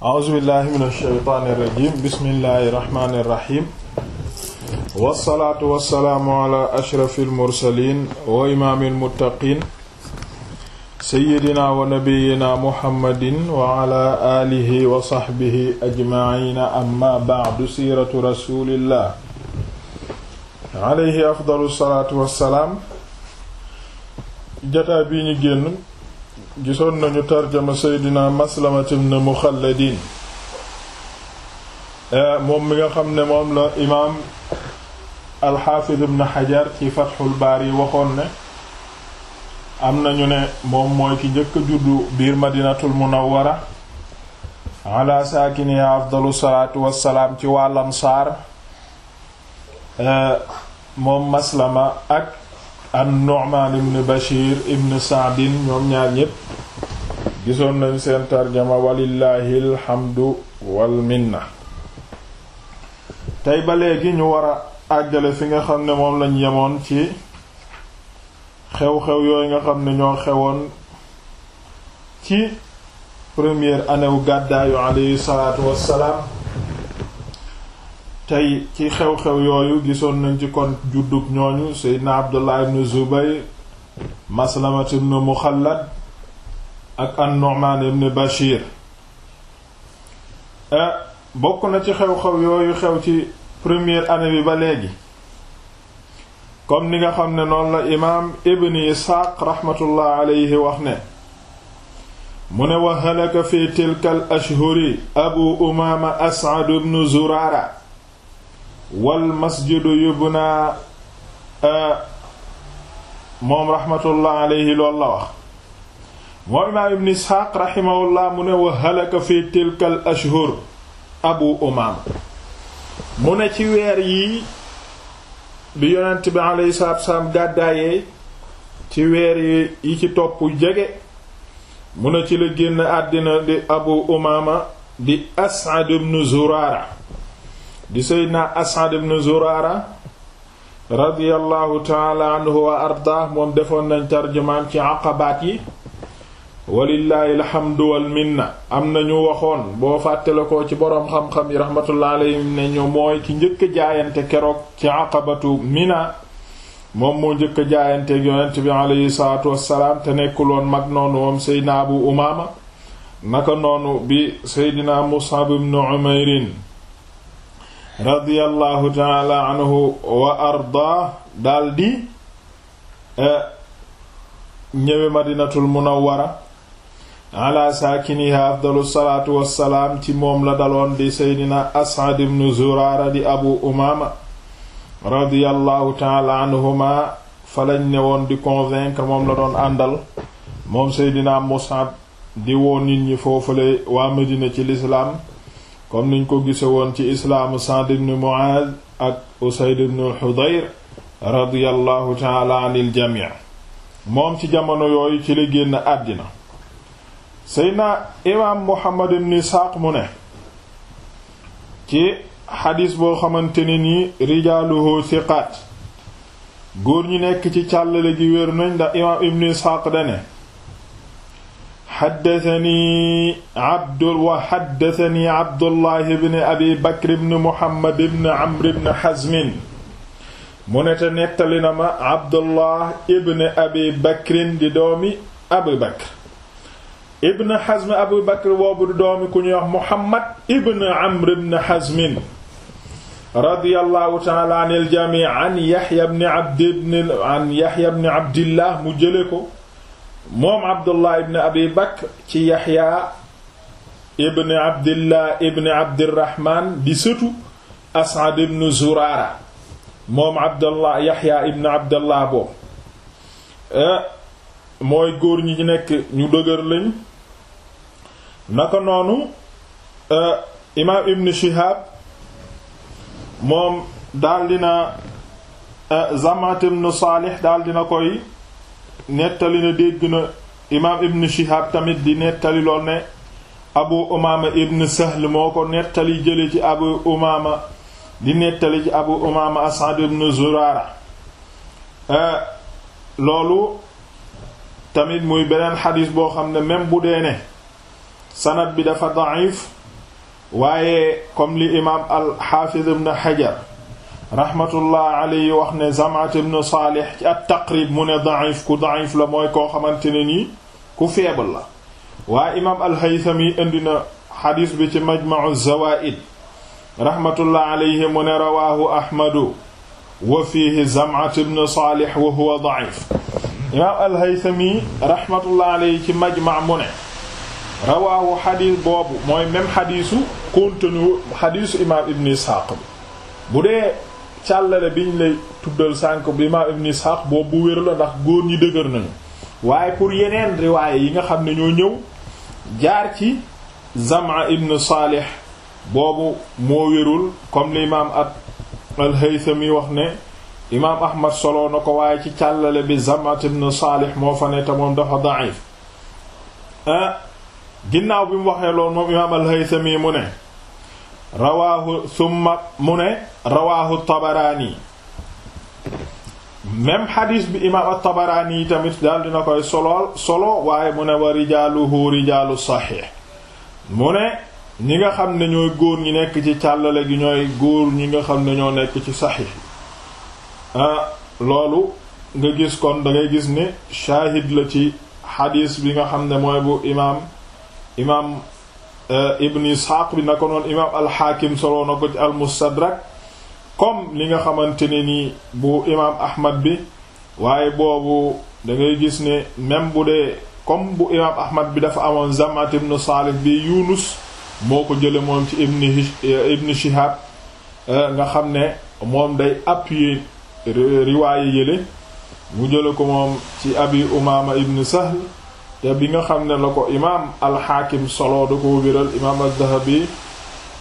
a'uzubillahi min ashaytaani irrajim bismillahi irrahmani irrahim wassalaatu wassalaamu ala ashrafi almursalin wa imaami almuttaqin seyidina wa nabiyina muhammadin wa ala aalihi wa saxbihi ajmaciina amma bacdu siiratu rasulillah alayhi afdalu salaatu wassalaam jataa bii ñu génn gisoon nañu tarjama seydina maslamat ibn muxalladin eh, moom mi nga xam ne moom la imaam alxaafid ibn xajar ci fatxul yi waxoon ne am nañu ne moom mooy ki njëkk a juddu biir madinatul munawwara ala saakiniha afdalu salaatu wassalaam ci wàllam saar eh, moom maslama ak an-Nu'man ibn Bashir ibn Sa'din ñoom ñaar ñépp gisoon nañ seen tarjama walillahi alhamdu wal minna tey ba léegi ñu war a àggale fi nga xam ne moom lañ yemoon ci xew-xew yooyu nga xam ne ñoo xewoon ci premier année wu gàddaayu alayhi salaatu wassalaam tey ci xew-xew yooyu gisoon nañ ci kon juddug ñooñu seydna abdullah ibn zubayr maslamat ibn muxallad ak an-nu'man ibn bashir eh, bokk na ci xew-xew yooyu xew ci première année bi ba léegi comme ni nga xam ne noonu la imaam ibn isxaaq raxmatullah wax ne mu ne wa halaka fi tilka al ashhuri abu umaama as'ad ibn zuraara wal masjidu yubna e, moom rahmatullah alayhi loolu la wax moom imaam ibn isxaaq rahimahullah mu ne wa halaka fi tilka ashhur abu umaama mu ne ci weer yi bi yonent bi alayhi gàddaayee ci weer yi ci topp jege mu ne ci la génn àddina di abu umaama di as'ad ibn zuraara di seydna asad ibn zuraara radiyallahu taala anhu wa arda moom defoon nañ tarjumaan ci aqabaat yi walillaahi alhamdu wal minna am na ñu waxoon boo fàttale ko ci boroom xam-xam yi rahmatullah ne ñu mooy ki njëkk jaayante keroog ci aqabatu mina moom moo njëkk jaayante yonent bi aleyhi salaatu wassalaam te nekkuloon mag noonu moom seydna abu umaama naka noonu bi seydna mus'ab ibn umayrin radiyallahu taala anhu wa arda daldi eh, ñëwe madinatul munawwara ala saakiniha afdalu salaatu ci moom la daloon di seydina as'ad ibn zuraara di abu umaama radiyallahu taala anhuma fa lañ moom la doon àndal seydina mus'ab di woo nit ñi foofule waa madina comme niñ ko gise woon ci islaamu Sa'd ibn Mu'aaz ak Usayd ibn al-Hudayr radiyallahu taala anil moom ci jamono yooyu ci la génn àddina seydna imaam Muhammad ibn Isaaq mu ne ci xadis boo xamante ne ni rijaaluhu siqaat góor ñi nekk ci càllale gi wér nañ ndax imaam ibn Isaaq dane xaddasani abdu wa xaddasani abdullahi bni abi bakr bni muhammad bni amr bni hazmin mu ne te nettali na ma abdullah ibni abi bakrin di doomi abu bakr ibni hazm abu bakr boobu di doomi ku ñuy wax muhammad ibni amr bni hazmin radiyallahu taala an al jamii an yaxya bni abdi an yaxya bni abdillah mu jële ko moom abdullah ibn abi bakr ci yaxya ibn abdillah ibn abdirahman di sëtu asad ibn zuraara moom abdullah yaxya ibn abdullah boobu eh, mooy góor ñi nekk ñu dëgër lañ naka noonu eh, imaam ibn shihab moom daal dina eh, zamat ibn saalih daal dina koy nettali na dégg na imaam ibn Shihab tamit di nettali lool ne abu umaama ibn Sahl moo ko nettali jële ci abu umaama di nettali ci abu umaama As'ad ibn Zurara eh, loolu tamit muy beneen xadis boo xam ne même bu dee ne sanad bi dafa da'if waaye comme li imaam al-Hafiz ibn rahmatullah alayhi wax ne Zam'at ibn Salih ci at-Taqrib mu ne da'if ku da'if la mooy koo xamante ne nii ku faible la waaye imaam al-Haythami indi na xadiis bi ci Majma'u Zawaa'id rahmatullah alayhi mu ne rawaahu Ahmadu wa fiihi Zam'at ibn Salih wa huwa da'if imaam al-Haythami rahmatullah alayhi ci Majma' mu ne rawaahu xadiis boobu mooy même xadiisu contenu xadiisu imaam Ibn Isxaaq bu dee càllale biñ lay tuddal sànk bi imaam ibn Ishaq boobu bu wér la ndax góor ñi dëgër nañu waaye pour yeneen riwaaye yi nga xam ne ñoo ñëw jaar ci Zam'a ibn Salih boobu moo wérul comme li imaam ak al-Haythami wax ne imaam Ahmad solo na ko waaye ci càllale bi Zam'a ibn Salih moo fa ne te moom dafa da'if ah, ginnaaw bi mu waxee loolu moom imaam al-Haythami mu ne rawaahu summa mu ne rawaahu tabaraani même xadis bi imaam at-Tabaraani tamit daal dina koy solo solo waaye mu ne wa rijaaluhu rijaalu saxiix mu ne ñi nga xam ne ñooy góor ñi nekk ci càllale gi ñooy góor ñi nga xam ne ñoo nekk ci saxiix ah loolu nga gis kon dangay gis ne shaahid la ci xadis bi nga xam ne mooy bu imaam imaam. Euh, ibn isxaaq bi na ko noon imaam alxaakim soloo na ko ci almustadrak comme li nga xamante ne nii bu imaam ahmad bi waaye boobu da ngay gis ne même bu dee comme bu imaam ahmad bi dafa amoon zamat ibn saalih bi yunus moo ko jële moom ci ibn euh, ibn euh, nga xam ne moom day yi riwaaye yële mu jële ko moom ci abi umaama ibn sahl te bi nga xam ne la ko imaam alxaakim solo da ko wéral imaam az-Zahabi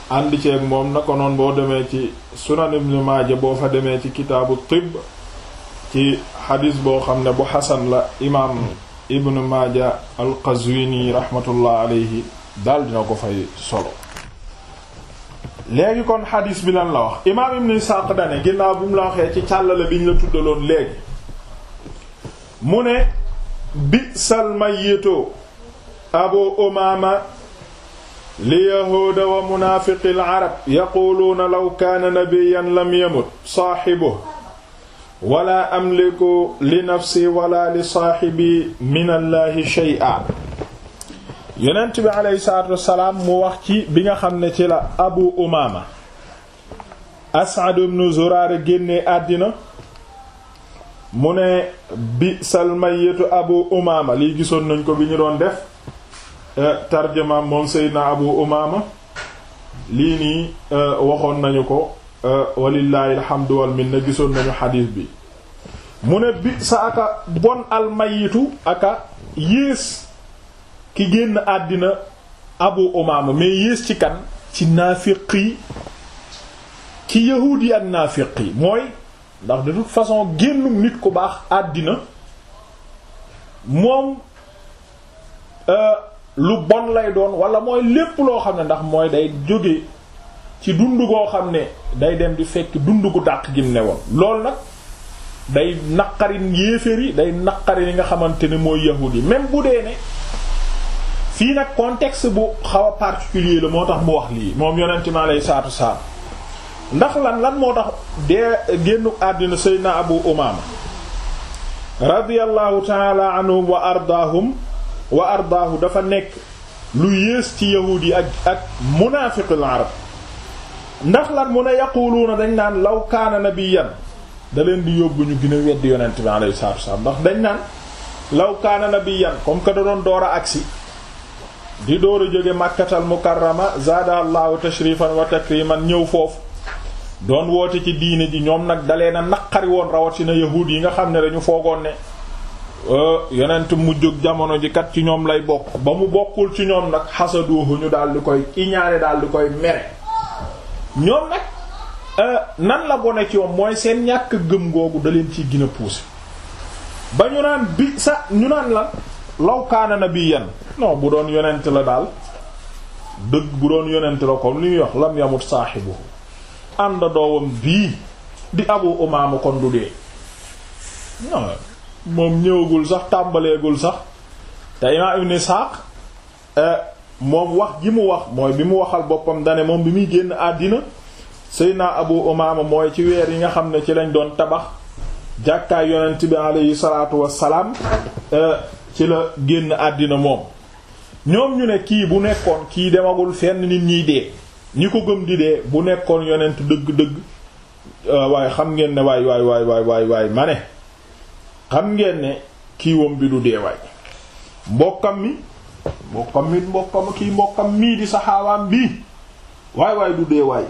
àndi moom na ko noon boo demee ci sunan ibn Maaja boo fa demee ci kitaabu tibb ci xadis boo xam ne bu xasan la imaam ibn Maaja al-Qazwini rahmatullah alayhi daal dina ko fay solo léegi kon xadis bi lan la wax imaam ibn Isaaq dane ginnaaw la waxee ci càllale biñ la tuddaloon léegi mu ne bi'sal mayyitu abu umaama li yahuuda wa munaafiqi al-arab yaquuluuna law kaana nabiyyan lam yamut saaxibuhu wala amliku li nafsi wala li saaxibi min allaahi shay'an yonent bi aleyhi salaatu wasalaam mu wax ci bi nga xam ne ci la abu umaama as'ad ibn zuraara génne àddina mu ne bi salmayetu gisoon nañ ko bi ñu def eh, tarjamaam moom seydina abu umaama lii eh, waxoon nañu ko eh, walillaahi alhamdu wal gisoon nañu xadiis bi mu bi sa aka bon almayitu aka yées ki génn àddina abu umaama mais yées ci kan ci naafiqi ci yahuudi ak naafiqi mooy ndax de toute façon génnum nit ku baax àddina moom euh, lu bon lay doon wala mooy lépp loo xam ne ndax mooy day jóge ci dund goo xam ne day dem di fekk dund gu dàq gi ne woon loolu nag day naqari yéeféer day naqari li nga xamante ne mooy yahuud yi même bu dee ne fii nag contexte bu xaw a particulier la moo tax mu wax lii moom yonente mi alayhi salaatu salaam ndax lan lan moo tax dee génnu àddina seydna abu umaama radiyallahu taala anhum wa ardaahum wa ardaahu dafa nekk lu yées ci yahuud yi ak ak munaafiqul arab ndax lan mu ne yaquluuna dañ naan law kaana nabiyyan da leen di yóbbu ñu gën a yonent bi alayhi salaatu wassalaam ndax dañ naan law kaana nabiyyan comme que da doon door a agsi di door a jóge màkkatal mukarrama zaada allahu tashrifan wa takriman ñëw foofu doon woote ci diine ji ñoom nag dalee na naqari woon rawatina yahuud yi nga xam ne dañu foogoon ne euh, yonent jóg jamono ji kat ci ñoom lay bokk ba mu bokkul ci ñoom nag xasaduuhu ñu daal di koy iñaane daal di koy mere ñoom nag euh, nan la bone ci moom mooy seen ñàkk gëm googu da leen ciy gën a ba ñu naan bi sa ñu naan la lawkaana na bi yan non bu doon yonent la daal dëgg bu doon yonent la ko lu ñuy wax lam yamut saaxibuhu àndandoowam bii di abu umaama kon du dee moom ñëwagul sax tàmbaleegul sax te imaam ibn Isaaq euh, moom wax ji mu wax mooy bi mu waxal boppam dane moom bi muy génn àddina sëy naa Abu Umaama mooy ci weer yi nga xam ne ci lañ doon tabax jàkkaay yonent bi aleyhi salaatu wassalaam euh, ci la génn àddina moom ñoom ñu ne kii bu nekkoon kii demagul fenn nit ñiy dee ñi ko gëm di dee bu nekkoon yonent dëgg-dëgg euh, waaye xam ngeen ne waay waay waay waay ma ne xam ngeen ne kiiwam bi du dee waay mbokkam mi mbokkam mi di saxaawaam bii waay waay du dee waay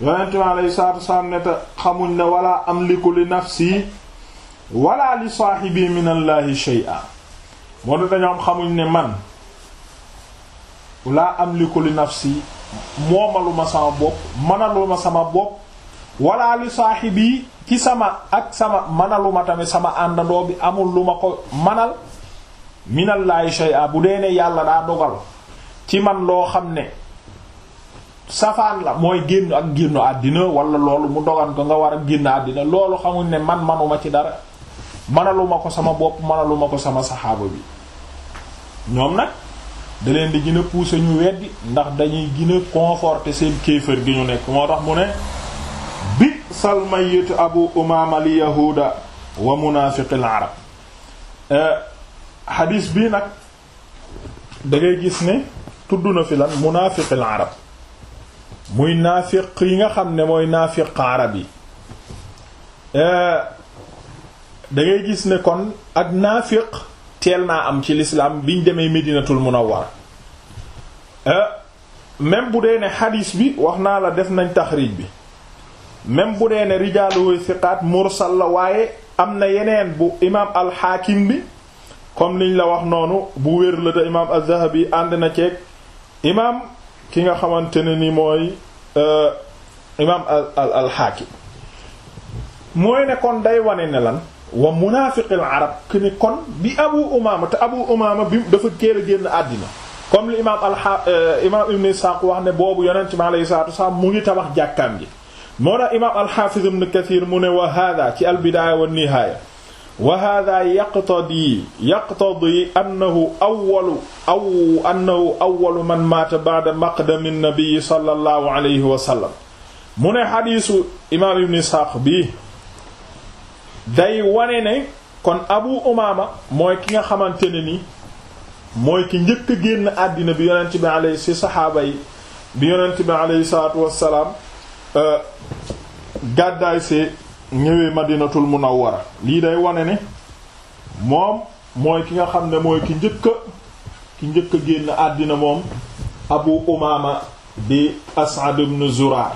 yonent mi alayhi salaatu wasalaam ne te xamuñ ne wala amliku li nafsi wala li saahibi min allahi moo tax dañoo xamuñ ne man laa amliku li nafsi moomaluma sama bopp manaluma sama bopp wala li saaxibi ci sama ak sama manaluma tamit sama àndandoo bi amul lu ma ko manal minallaahi shay'a bu dee ne yàlla daa dogal ci man loo xam ne safaan la mooy génn ak génnu àddina walla loolu mu dogan ko nga war a génn àddina loolu xamul ne man manuma ci dara manaluma ko sama bopp manaluma ko sama saxaaba bi ñoom nag daleen di gina a pousser ñu weddi ndax dañuy gina a conforter seen kéefër gi ñu nekk moo tax mu ne bi sal mayit abu umaama li yahuuda wa munaafiqil arab xadiis eh, bii nag dangay gis ne tudd na fi lan munaafiqil arab muy naafiq yi nga xam ne mooy naafiq arab yi eh, da ngay gis ne kon ak naafiq teel naa am ci lislaam biñ demee Medinatul Munawwara euh, même bu dee ne xadiis bi wax naa la def nañ taxriij bi même bu dee ne rijaaluhu siqaat mursal la waaye am na yeneen bu imaam alxaakim bi kon liñ la wax noonu bu wér la imaam az ànd na ceeg imaam ki nga xamante ne ni mooy euh, imaam al alxaakim mooy ne kon day wane ne wa munaafiqil arab ki ni kon bi abu umaama te abu umaama bi dafa teel a génn àddina comme li imaam alxa euh, imaam ibn Isaaq wax ne boobu yonent mi alayhi salaatu wasalaam mu ngi tabax jàkkaam ji moo tax imaam alxaafiz ibn Kasiir mu ne wa haadaa ci albidaaya wa nihaaya wa haadaa yaqtadii yaqtadii annahu awwalu aw annahu awwalu man maata ba'da maqdami nabiyyi sallallahu alayhi wa sallam mu ne xadiisu imaam ibn Isaaq bi day wane ne kon abu umaama mooy ki nga xamante ne ni mooy ki njëkk génn àddina bi yonent bi alayhi si saxaaba yi bi yonent bi alayhi salaatu wassalaam euh, gàddaay see ñëwee madinatul munawwara lii day wane ne moom mooy ki nga xam ne mooy ki njëkk ki njëkk génn àddina moom abu umaama di as'ad ibn zurar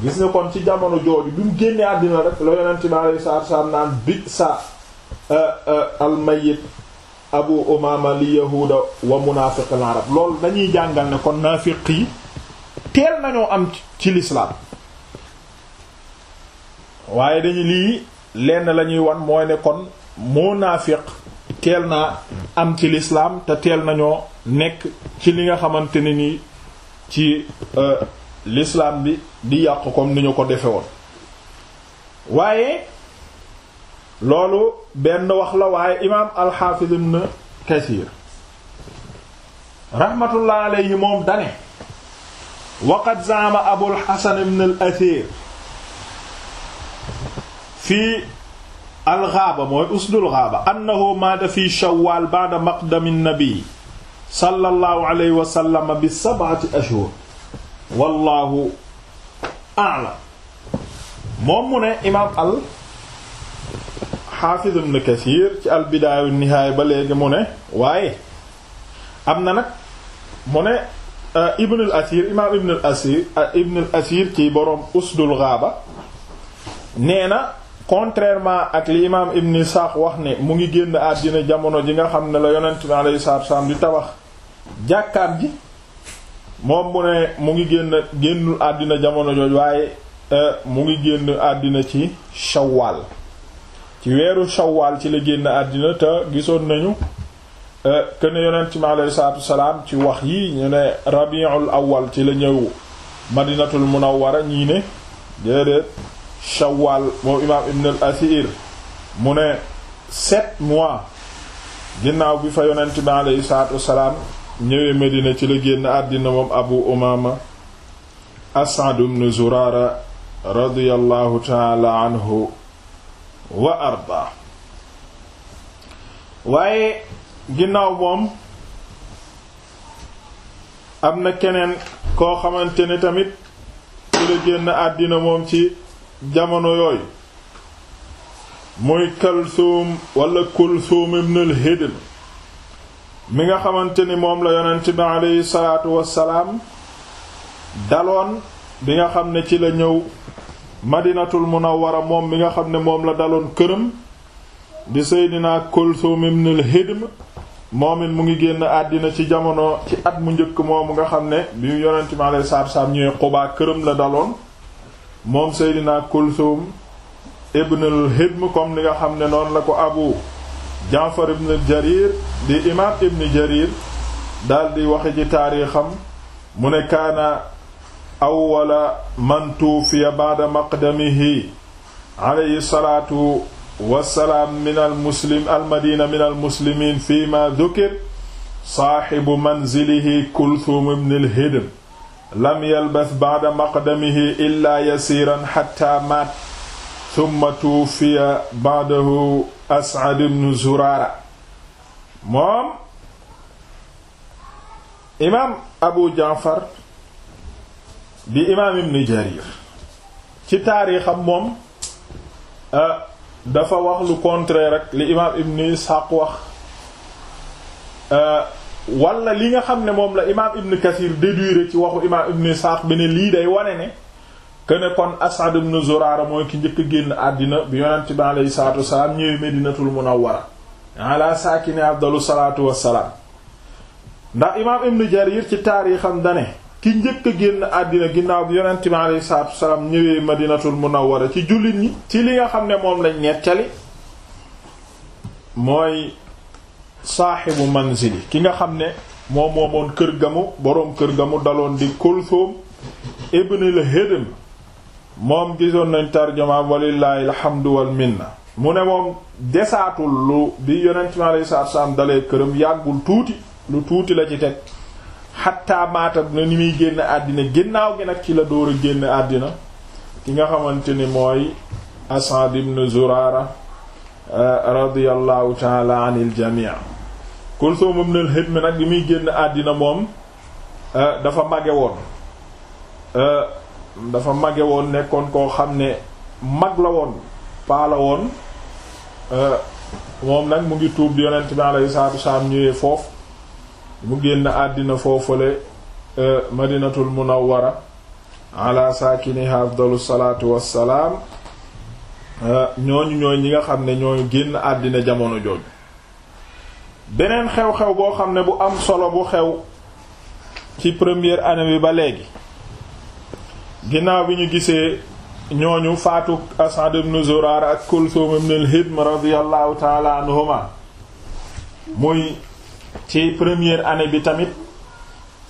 gis nga kon ci jamono jooju bi mu génnee àddina rek la yonent bi alayhi salaatu salaam naan bi sa almayit abu umaama li yahuuda wa munaafiq al arab loolu dañuy jàngal ne kon naafiq yi teel nañoo am ci lislaam waaye dañu lii lenn lañuy wan mooy ne kon munaafiq teel naa am ci lislaam te teel nañoo nekk ci li nga xamante ne ni ci euh, l'islam bi di yàq comme ni ñu ko defe woon waaye loolu benn wax la waaye imaam alxaafiz ibn kasiir rahmatullah alayhi moom dane waqad zaama abul xasan ibn al asiir fii alxaaba mooy usdul xaaba annahu maata fi shawwal ba'da maqdami nabi sallallahu alayhi wa sallam bi sab'ati ashhur wallahu a'lam moom mu ne imaam al xaafiz ibn Kasiir ci al bidaaya wan ba léegi mu ne waaye am na nag mu ne euh, ibn al asiir imaam ibn euh, asiir ci boroom usdul gaaba nee na contrairement ak li imaam ibn Isaaq wax ne mu ngi génn àddina jamono ji nga xam ne la yonent bi alayhi salaatu wa salaam tabax jàkkaat ji moom mu ne mu ngi génn génnul àddina jamono jooj waaye euh, mu ngi génn àddina ci shawwal ci weeru shawwal ci la génn àddina te gisoon nañu kën euh, yonent mi alayhi salaatu ci wax yi ñu ne rabiul awwal ci la ñëw madinatul munawwara ñii ne déedéet shawwal moom imaam ibn asiir mu ne sept mois ginnaaw bi fa yonent mi alayhi salaatu salaam ñëwee Medina ci la génn àddina moom Abu Umaama As'ad ibn Zuraara radiyallahu taala anhu wa arda waaye ginnaaw moom am na keneen koo xamante ne tamit ci la génn àddina moom ci jamono yooyu muy Kalsuum wala Kulsuum ibn al-Hidl mi nga xamante ni moom la yonent bi aleyhi salaatu wassalaam daloon bi nga xam ne ci la ñëw madinatul munawwara moom mi nga xam ne moom la daloon këram di seydinaa kulthum ibnul hidm moom mu ngi génn àddina ci jamono ci at mu njëkk moomu nga xam ne bi yonent bi aleyhi salaatu wassalaam ñëwee xubaa këram la daloon moom seydinaa kulthum ibnul hidm comme li nga xam ne noonu la ko abu Jaafar ibn Jarir di imaam ibn Jarir daal di waxe ci taarixam mu ne kaana awwala man tuufiya ba'da maqdamihi alayhi salaatu wasalaam min almuslim almadina min almuslimin fi ma dukir saaxibu manzilihi kulthum ibn alhidm lam yalbas ba'da maqdamihi illaa yasiiran xatta maat thumma tuufiya ba'dahu as'ad ibn zuraara moom imaam abu jaafar di imaam ibn jarir ci taarixam moom euh, dafa wax lu contraire ak li imaam ibn ishaq wax euh, wala li nga xam ne moom la imaam ibn kathir déduire ci waxu imaam ibn ishaq bi ne lii day wane ne ne kon As'ad ibn mooy ki njëkk génn àddina bi yonent bi aleyhi salatu wasalaam ñëw Medinatul Munawwara ala saakini afdalu salatu wassalaam ndax imaam Ibn Jarir ci taarixam dane ki njëkk a génn àddina ginnaaw bi yonent bi aleyhi salatu wasalaam ñëwee Madinatul Munawwara ci jullit ñi ci li nga xam ne moom lañ nettali mooy saaxibu manzili ki nga xam ne moom moomoon kër gamu boroom kër gamu daloon di Kulthum ibn al-Hidm moom gisoon nañ tarjumaam walillaahi alhamdu wal minna mu ne moom desaatul lu bi yonent mi alayhi salaatu salaam dalee këram yàggul tuuti lu tuuti la ci teg xattaa maatam na ni muy génn àddina ginnaaw gi nag ci la dóor a génn àddina ki nga xamante ni mooy Asad ibn Zurara eh, radiyallahu taala anil jamii Kulthum ibn al mi nag bi muy génn àddina moom eh, dafa mage woon eh, dafa mage woon nekkoon koo xam ne mag la woon paa la woon euh, moom nag mu ngi tuub di yonent bi alayhi salaatu wasalaam ñëwee foofu mu génn àddina foofale euh, madinatul munawwara ala saakiniha afdalu salaatu wassalaam euh, ñooñu ñooy ñi nga xam ne ñooy génn àddina jamono jooju beneen xew-xew boo xam ne bu am solo bu xew ci première année bi ba léegi ginnaaw bi ñu gisee ñooñu faatu Asad ibn Zuraara ak Kulthum ibn al-Hidm radiyallahu taala muy ci première année bi tamit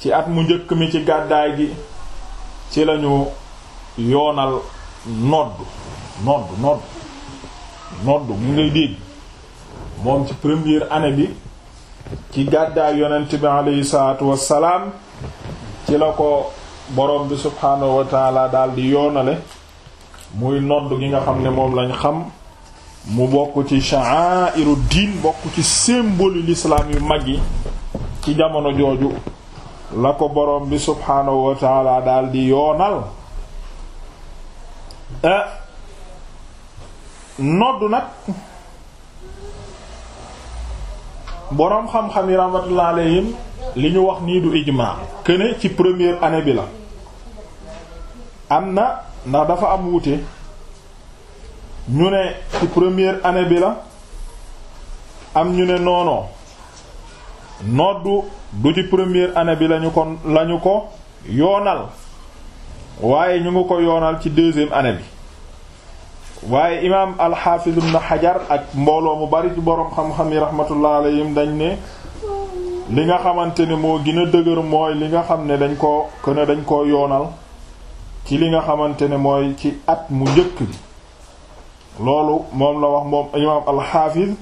ci at mu njëkk mi ci gàddaay gi ci lañu yoonal nodd nodd nodd nodd mu ngay dégg moom ci première année bi ci gàddaay yonent bi aleyhi salaatu wassalaam ci la ko boroom bi subhaanahu wa taala daal yoonale muy nodd gi nga xam ne moom lañ xam mu bokk ci sha'airu diin bokk ci symbole l'islam yu mag yi ci jamono jooju la ko borom bi subhaanahu wa taala daal yoonal eh, nodd nag boroom xam-xam yi rahmatullah alayhim li ñu wax nii du ijmaa këne ci première année bi la am na ndax dafa am wuute ñu ne ci première année bi la am ñu ne noonoo noddu du ci première année bi lañu ko lañu ko yoonal waaye ñu ngi ko yoonal ci deuxième année bi waaye imaam alxaafiz na xajar ak mbooloo mu bari ci boroom xam-xam yi rahmatullah alayhim dañ ne li nga xamante ne moo gën a dëgër mooy li nga xam ne dañ ko këne dañ ko yoonal ci li nga xamante ne mooy ci at mu njëkk bi loolu moom la wax moom imaam alxaafiz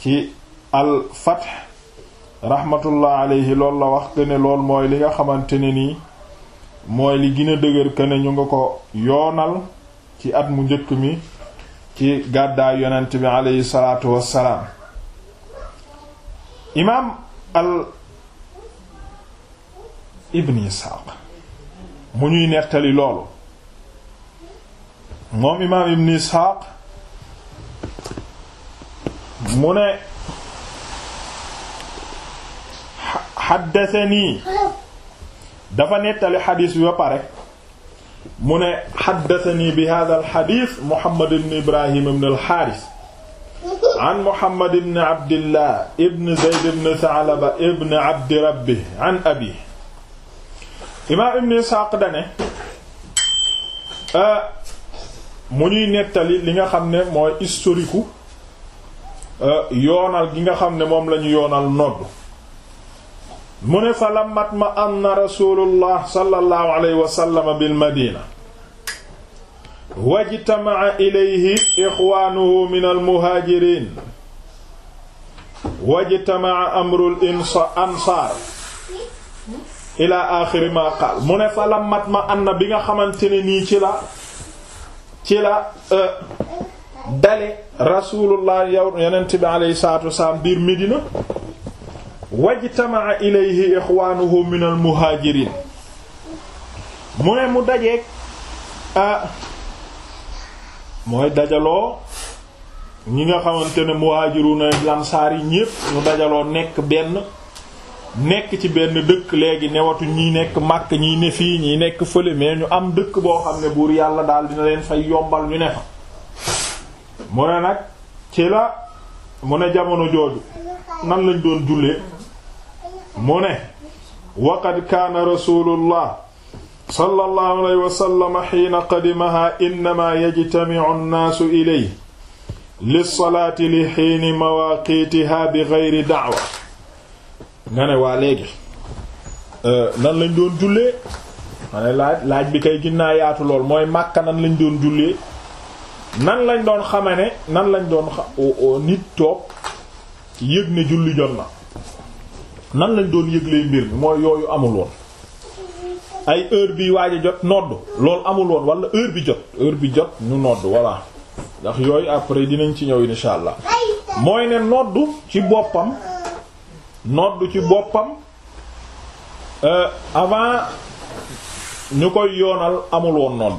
ci al fath rahmatullah loolu la wax këne lool mooy li nga xamante ne nii mooy li gën a dëgër këne ñu nga ko yoonal ci at mu njëkk mi ci gàddaay yonent bi aleyhi salaatu wassalaam imaam al ibn Isxaaq mu ñuy nettali loolu moom imaam ibn Isxaaq mu ne xaddasanii dafa nettali xadiis bi ba pare mu ne xaddasanii bi haaza al xadiis Muhammad ibn Ibrahim ibn al an Muhammad ibn Abdillah ibn Zayd ibn Tha'laba ibn Abdi euh, mu ñuy nettali li nga xam ne mooy historique euh, yoonal gi nga xam ne moom lañu yoonal nodd mu ne fa lammat ma anna Rasulullah sallallahu alayhi wa sallam bil Madina wajtama'a ilayhi ixwaanuhu min almuhaajiriin wajtama'a amrul ansaar ila axiri ma qaal mu ne fa lammat ma anna bi nga xamante ne nii ci la ci la euh, dale rasulullah yow yonent bi aleyhi salatu wasalaam biir Medina ilayhi ixwaanuhu min almuhaajiriin mu ne mu dajeek euh, mooy dajaloo ñi nga xamante ne muhajiruna lansaar yi ñépp ñu dajaloo nekk benn nekk ci benn dëkk léegi newatu ñi nekk màkk ñi ne fii ñi nekk fële ñu am dëkk boo xam ne buur yàlla daal dina leen fay yombal ñu ne fa mu ne nag ci la mu ne jamono jooju nan lañ doon jullee mu ne waqad kaana rasulullah sallallahu alayhi wa sallam xiina qadimahaa innamaa yajtamicu annaasu ilayhi lissalaati li xiini mawaaqiitihaa bi geyri dacwa nga ne waa léegi euh, nan lañ doon jullee laaj laaj bi kay ginnaa yaatu lool mooy Makka nan lañ doon jullee nan lañ doon xame ne nan lañ doon nit toog yëg ne julli jot na nan lañ doon yëglee mbir mi mooy yooyu amul ay heure bi waaj jot nodd loolu amul woon wala heure bi jot heure bi jot ñu nodd voilà ndax yooyu après dinañ ci ñëw insha allah mooy ne nodd ci boppam nodd ci boppam euh, avant ñu koy yoonal amul woon nodd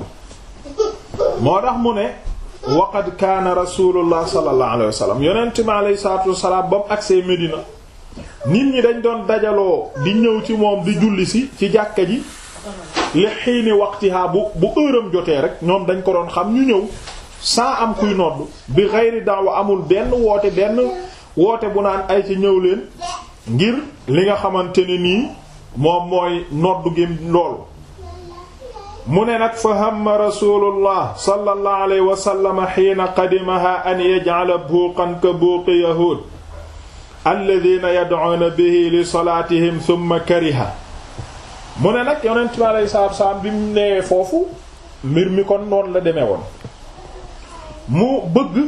moo tax mu ne waqad kaana rasulullah sallallahu alayhi wa sallam yonent mi alayhi salaatu wasalaam ba mu agsee Medina nit ñi dañ doon dajaloo di ñëw ci moom di julli si ci jàkka ji li xiini bu bu ëram jotee rek ñoom dañ ko doon xam ñu ñëw sans am kuy nodd bi xayri daawa amul benn woote benn woote bu naan ay ci ñëw leen ngir li nga xamante ni nii moom mooy noddu gi loolu mu ne nag fa hamma rasulullah sallallahu alayhi wa sallam xiina qadimaha an yaj'ala buuqan ka buuqi yahud alladhina yad'una bihi li salatihim thumma kariha mu ne nag yonent bi aleyhi salaatu salaam bi mu neewee foofu mbir mi kon noonu la demee woon mu bëgg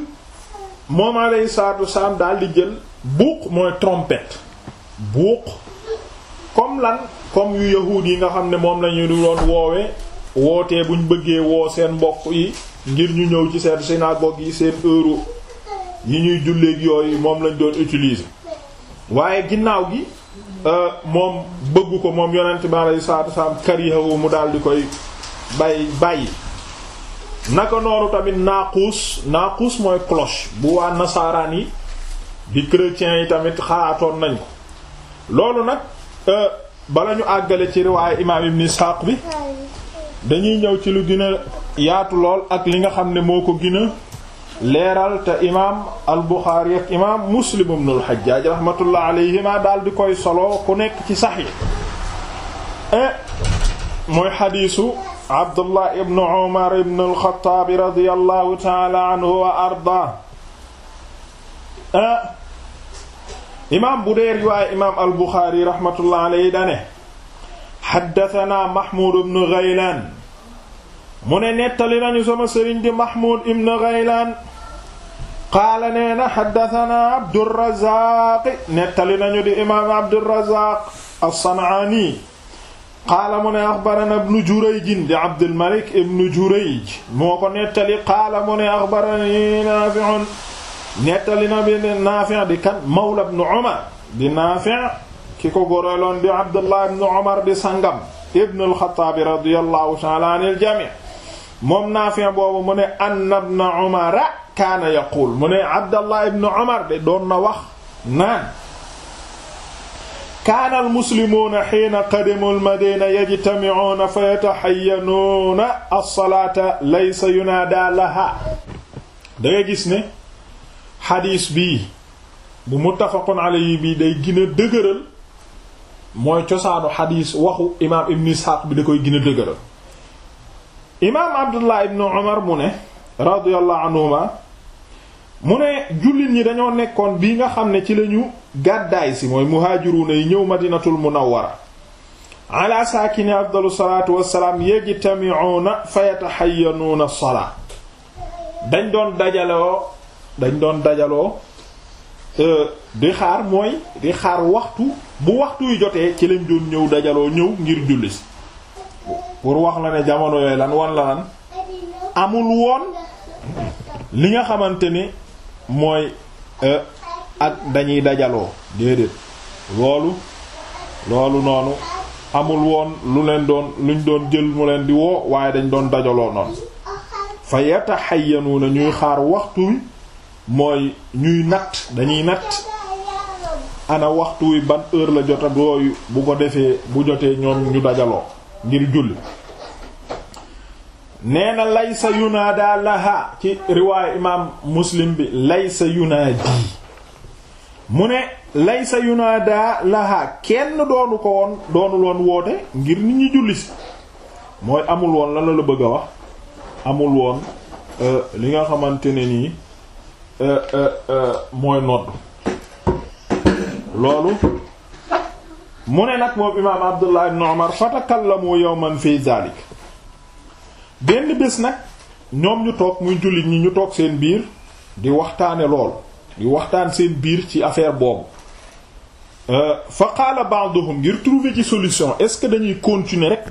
moom aleyhi salaatu salaam daal di jël buuq mooy trompette buuq kom lan kom yu yahuud yi nga xam ne moom la ñu doon woowe wootee bu bëggee woo seen mbokk yi ngir ñu ñëw ci seen synagogue yi seen heure yi ñuy julleek yooyu moom lañ doon utilise waaye ginnaaw gi Euh, moom bëggu ko moom yonent bi alayhi salaatu wasalaam mu daal di koy bay bàyyi naka noonu tamit naaquus naaquus mooy cloche bu waa nasaaraan yi di chrétiens yi tamit xalaatoon nañ ko loolu nag euh, bala ñu àggale ci riwaaye imaam ibn Isxaaq bi dañuy ñëw ci lu gën yaatu lool ak li nga xam ne moo ko gën leeral te imaam al-Buxaari Muslim ibn al rahmatullah alayhima daal di koy solo ku nekk ci sax yi eh, mooy xadiisu Abdullah ibn Umar ibn al-Xattaab radiyallahu ta'ala anhu wa ardaa eh, imaam bu dee riwaaya imaam rahmatullah alayhi dane xaddatanaa mu ne nettali nañu sama sëriñ di Mahmoud ibn Ghaylaan qaala nee na xaddatanaa Abdurrazaaq nettali nañu di imaam Abdurrazaaq as-San'aani qaala mu ne axbarana ibnu Jurayj di Abdulmalik ibnu Jurayj moo ko nettali qaala mu ne axbarani Naafi'un nettali na bi Naafi' di kan mawla ibnu Umar di Naafi' ki ko goreeloon di Abdullah ibnu Umar di sangam ibnu al-Xattaab radiyallahu ta'ala anil jamii' moom Naafi boobu mu ne anna ibn Umar kaana yaqul mu ne Abdallah ibn Umar de doon na wax naan kaana almuslimuuna xiina qadimu almadina yajtamicuuna fa yataxayanuuna alsalaata laysa yunaadaa laha da gis ne xadiis bii bu muttafaqun alayhi bii day gën a dëgëral mooy cosaanu xadiis waxu imaam ibn Isxaaq bi da koy gën a imaam abdullah ibnu omar mu ne radiyallahu mu ne jullit ñi dañoo nekkoon bi nga xam ne ci lañu gàddaay si mooy muhaajiruuna yi ñëw madinatul munawwara ala saakini afdalu salaatu wassalaam yajtami'una fa yataxayyanuuna salaa dañ doon dajaloo dañ doon dajaloo euh, di xaar mooy di xaar waxtu bu waxtu yu jotee ci lañ doon ñëw dajaloo ñëw ngir julli si pour wax la ne jamono yooyu lan wan la lan amul woon li nga xamante ne mooy euh, ak dañuy dajaloo déedéet loolu loolu noonu amul woon lu leen doon luñ doon jël mu leen di woo waaye dañ doon dajaloo noonu fa yataxayyanuuna ñuy xaar waxtu mooy ñuy natt dañuy natt ana waxtu wi ban heure la jot ak yooyu bu ko defee bu jotee ñoom ñu dajaloo ngir julli nee na laysa yunaada laha ci riwaayu imaam muslim bi laysa yunaadi mu ne lay sa yunaada laha kenn doonu ko woon doonu loon woote ngir nit ñi julli si mooy amul woon lan la la bëgg a wax amul woon euh, li nga xamante ne nii euh, euh, mooy nodd loolu mu ne nag moom imaam abdullah ibn umar fatakallamu yawman fi zalik benn bés nag ñoom ñu toog muy jullit ñi ñu toog seen biir di waxtaane lool di waxtaan seen biir ci affaire boobu euh, fa qaala ba'duhum ngir trouver ci solution est-ce que dañuy continuer rek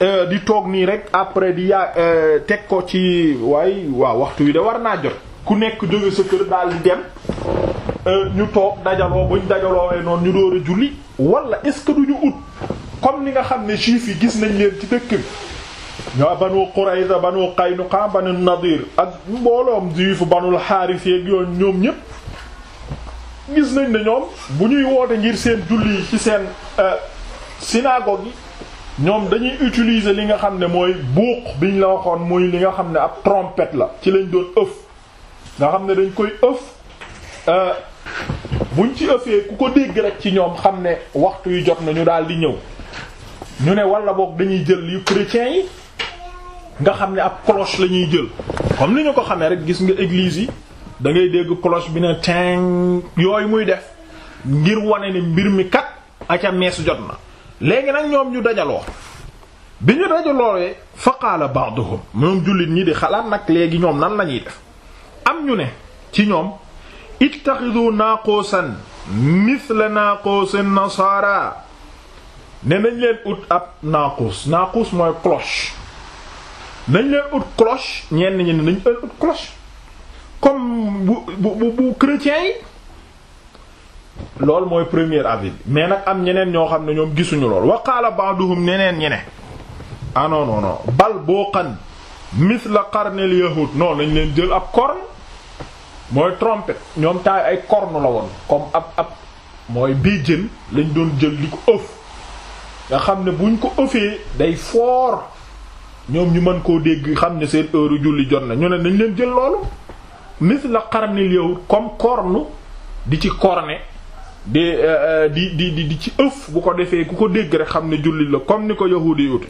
euh, di toog nii rek après di yaa euh, teg ko ci waaye waaw waxtu wi de war naa jot ku nekk jóge sa kër daal di dem Euh, ñu toog dajaloo buñ dajaloowee noonu ñu door julli wala est-ce que duñu ut kon li nga xam ne juif yi gis nañ leen ci dëkk bi ñoo banu Qurayza banu Qaynuqa banu Nadir ak mbooloom juifu banul Xaaris yeeg yoon ñoom ñépp gis nañ ne ñoom bu ñuy woote ngir seen julli yi ci seen euh, synagogue ñoom dañuy utiliser li nga xam ne mooy buuq biñ la waxoon muy li nga xam ne ab trompette la ci lañ doon ëf nga xam ne dañ koy ëf euh, buñ ci ëffee ku ko dégg rek ci ñoom xam ne waxtu yu jot na ñu daal di ñëw ñu ne wala boog dañuy jël yu chrétiens yi nga xam ne ab cloche la ñuy jël comme li ñu ko xamee rek gis nga église yi da ngay dégg cloche bi ne teng yooyu muy def ngir wane ne mbir mi kat aca mees jot na léegi nag ñoom ñu dajaloo bi ñu dajalooyee fa qaala ba'duhum moom jullit ñi di xalaat nag léegi ñoom nan la def am ñu ne ci ñoom ittaxidu naaquusan mithla naaquusin nasaara ne nañ leen ut ab naaquus naaquus mooy cloche nañ leen ut cloche ñenn ñi ne nañ leen ut cloche comme bu bu bu chrétiens yi loolu mooy premier avis mais nag am ñeneen ñoo xam ne ñoom gisuñu lool wa qaala ba'duhum ñeneen ñene ah non non non bal boo xan mithla qarnil yahud non nañ leen jël ab kor mooy trompette ñoom taay ay corne la woon comme ab ab mooy bii jën lañ doon jël di ko ëf nga xam ne buñ ko ëfee day foor ñoom ñu mën koo dégg xam ne seen heure julli jot na ñu ne nañ leen jël loolu mis la xarnil yahut comme corne di ci corne euh, di di di di ci ëf bu ko defee ku ko dégg rek xam ne julli la comme ni ko yahut yi wute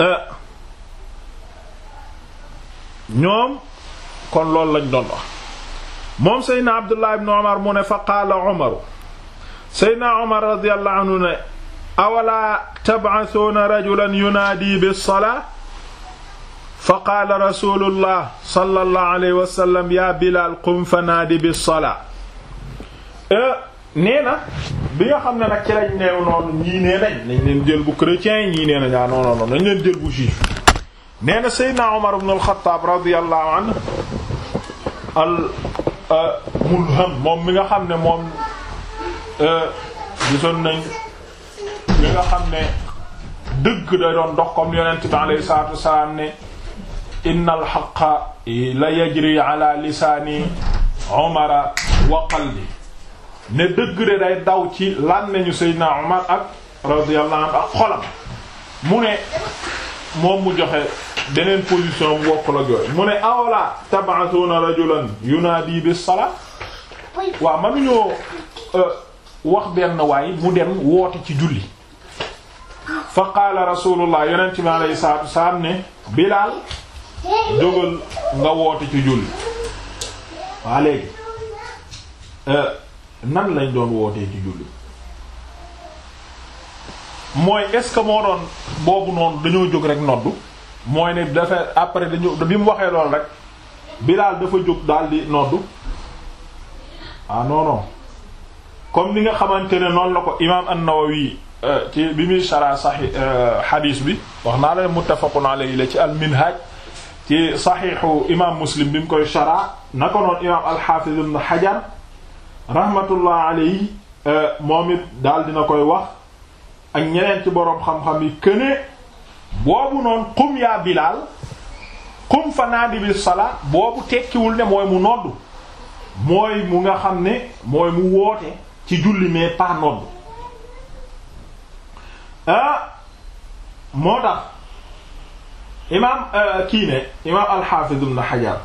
euh, ñoom kon loolu lañ doon wax moom seydna abdullah ibn omar mu ne fa qaala omaru seydna omar radiyallahu anhu ne awalaa tab'asuuna rajulan yunaadi bis-salaa fa qaala rasulullah sallallahu alayhi wa sallam yaa bilaal qum fa naadi bis-salaa eh, nee na bi nga xam ne nag ci lañ neew noonu ñii nee nañ nañ leen jël bu chrétien ñii nee nañ ah, non non non nañ leen jël bu juif nee na seydna omar ibn al-xattaab radiyallahu anhu al mulham moom mi nga xam ne moom gisoon nañ mi nga xam ne dëgg day doon dox comme yonent bi alayhi salaatu wasalaam ne inna al haqqa la yajri ala lisaani omara wa qalbi ne dëgg de day daw ci lan nañu Seydina Omar ak radiyallahu anhu ak xolam mu ne moom mu joxe beneen position bu bokk la jooy mu ne awala tab'athuna rajulan yunaadi bis salaa waaw manuñoo euh, wax benn waay mu dem woote ci julli fa qaala rasulullah yonent bi alayhi salaatu wasalaam ne bilaal jógal nga woote ci julli waa léegi euh, nan lañ doon wootee ci julli mooy est-ce que moo doon boobu noonu dañoo jóg rek noddu mooy ne dafa après di bi mu waxee lool rek Bilaal dafa jóg daal di noddu ah non non comme ni nga xamante ne noonu la ko imaam an-Nawawi euh, ci bi muy sara saxi euh, xadiis bi wax naa la muttafaqun alayhi la ci al-Minhaj ci saxiixu imaam Muslim bi mu koy sara na ko noonu imaam al-Hafiz ibn Hajar rahmatullah alayhi euh, moom it daal dina koy wax. ak ñeneen ci boroom xam-xam yi këne boobu noonu qum yaa bilaal qum fa naadi salaa boobu tekkiwul ne mooy mu nodd mooy mu nga xam ne mooy mu woote ci julli mais pas nodd ah moo tax imaam euh, kii imaam alxaafiz ibn xajar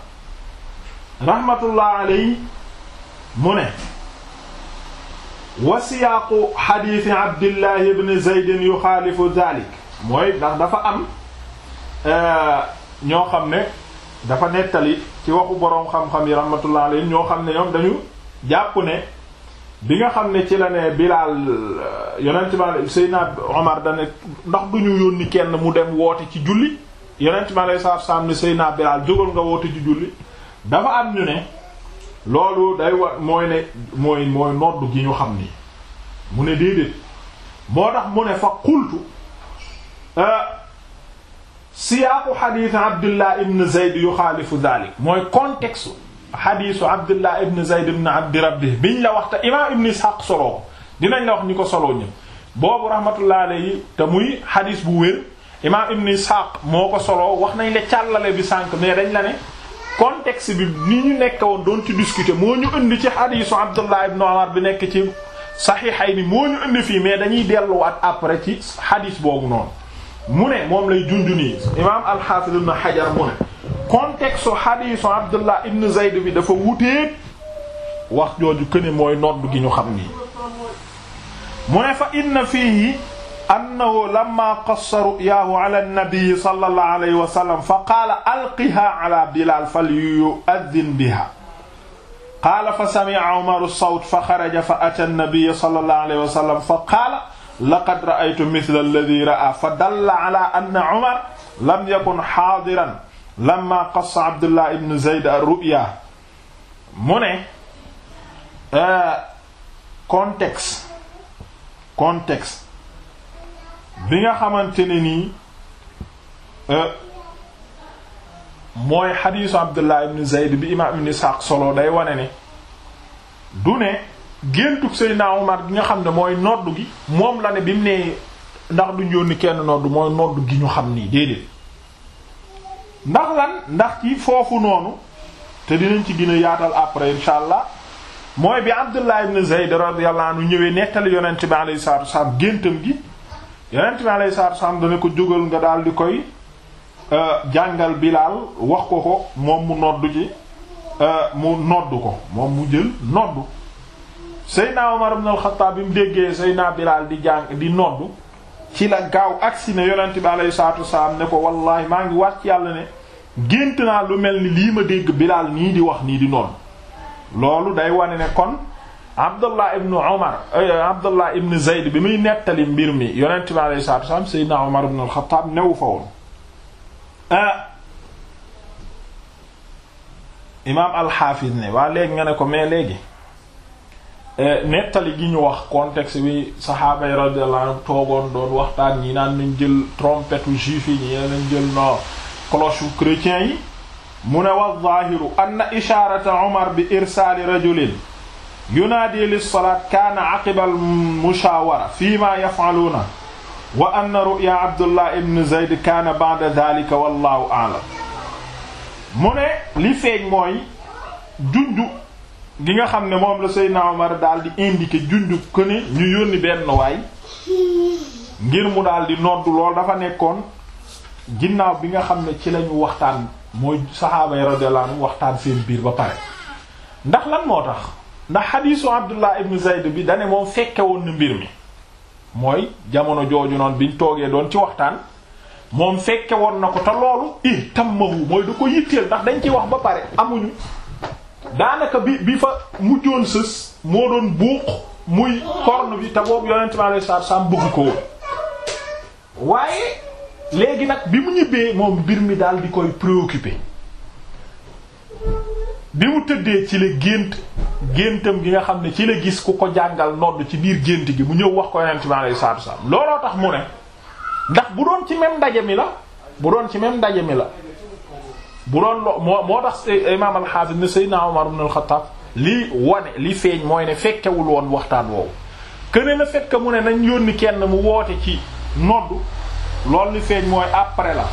rahmatullah mu ne wa siyaaqu xadiisi abdillahi ibn zeydin yuxaalifu dalik mooy ndax dafa am eh, ñoo xam ne dafa nettali ci waxu boroom xam-xam yi rahmatullah alayhi ñoo xam ne ñoom dañu jàpp ne bi nga xam ne ci la ne bilaal eh, yonent bi seydina omar dane ndax bu duñu yónni kenn mu dem woote ci julli yonent bi alei salatu salaam ne seydina bilaal jógal nga woote ci julli dafa am ñu ne loolu day war mooy ne mooy mooy nodd gi ñu xam ni mu ne déedéet moo tax mu ne fa qultu euh, siyaaqu xadiis abdullah ibn zayd yuxaalifu daalik mooy contexte xadiisu abdullah ibn zayd ibn abdi rabbi biñ la wax te imaam ibn isxaq soloo dinañ la wax ñi ko soloo ñëw boobu rahmatullah alayhi te muy xadiis bu wér imaam ibn isxaq moo ko soloo wax nañ la càllale bi sànq mais dañ la ne contexte bi ni ñu nekk woon doon ci discuter moo ñu indi ci xadiisu Abdullah ibn Umar bi nekk ci saxiixayni moo ñu indi fii mais dañuy delluwaat après ci xadiis boobu noonu mu ne moom lay junj nii imaam al-Hafiz ibn Hajar mu ne contexte xadiisu Abdullah ibn Zayd bi dafa wuteeg wax jooju këne mooy nodd gi ñu xam nii mu ne fa inna fii annahu lamma qassa ru'yaahu ala an-nabi sallallahu alayhi wa sallam fa qaala alqiha ala bilal falyu'adhdhin biha qaala fa sami'a umaru as-sawt fa kharaja fa ata an-nabi sallallahu alayhi wa sallam fa qaala laqad ra'aytu mithla alladhi ra'a fa dalla ala anna umar lam yakun haadiran lamma qassa abdullah ibn zayd ar-ru'ya mu ne contexte eh, contexte bi nga xamante ne nii euh, mooy xadiisu Abdullah ibn Zayd bi imaam ibn Isaaq solo day wane ne du ne sëy Seydina Umar gi nga xam ne mooy nodd gi moom la ne bi mu nee ndax duñ yónni kenn nodd mooy nodd gi ñu xam nii déedéet ndax lan ndax ci foofu noonu te dinañ ci gën a yaatal après insha allah mooy bi Abdullah ibn Zayd radiyallahu anhu ñëwee nettali yonent bi alayhi salaatu wasallam géntam gi yonent bi alayhi salaatu salaam dana ko jógal nga daal di koy euh, jàngal Bilaal wax ko ko moom mu noddu ci euh, mu noddu ko moom mu jël noddu Seydina Omar ibn na khattab bi mu déggee Seydina Bilaal di jàng di noddu ci la gaaw agsi ne yonent bi alayhi salaatu salaam ne ko wallaahi maa ngi ci yàlla ne gént naa lu mel ni lii ma dégg Bilaal nii di wax nii di noddu loolu day wane ne kon Abdullah ibn Omar Abdullah ibn Zayd bi muy nettali mbir mi yonent bi alayhi salaatu wasalaam Seydina Omar ibn al-Khattab new fa woon ah imaam al-Hafiz ne waa léegi nga ne ko mais léegi eh, nettali gi ñu wax contexte bi saxaaba yi radiyallahu anhum toogoon doon waxtaan ñi naan nañ jël trompette u juif yi ñi nañ jël no cloche u chrétiens yi mu ne wa zaahiru anna ishaarata Omar bi irsaali rajulin yunaadi lilsalaat kaana aqiba almushawara fi ma yafaluuna wa anna ruya abdullah ibn zayd kaana ba'da dhalika wallahu a'lam mu ne li feeñ mooy junju gi nga xam ne moom la Seydina Omar daal di indiqué junju ko ne ñu yónni benn waay ngir mu daal di noddu lool dafa nekkoon ginnaaw bi nga xam ne ci lañu waxtaan mooy saxaaba yi waxtaan seen biir ba pare ndax lan moo tax ndax xadiisu Abdullah ibn Zayd bi dane moom fekke woon na mbir mi mooy jamono jooju bi biñ toogee doon ci waxtaan moom fekke woon na ko te loolu ih tammahu mooy du ko yitteel ndax dañ ciy wax ba pare amuñu daanaka bi bi fa mujjoon sës moo doon buuq muy corne bi te boobu yonent bi alayhi salaatu salaam bëgg ko waaye léegi nag bi mu ñibbee moom mbir mi daal di koy préoccuper bi mu tëddee ci la gént géntam gi nga xam ne ci la gis ku ko jàngal nodd ci biir gént gi bu ñëw wax ko yonent bi alayhi salaatu wasallam looloo tax mu ne ndax bu doon ci même ndaje mi la bu doon ci même ndaje mi la bu doon lo moo moo tax imaam al-Hafiz ne Seydina Omar ibn al-Khattab li wane li feeñ mooy ne fekkewul woon waxtaan woowu quene na fekk mu ne nañ yónni kenn mu woote ci nodd loolu li feeñ mooy après la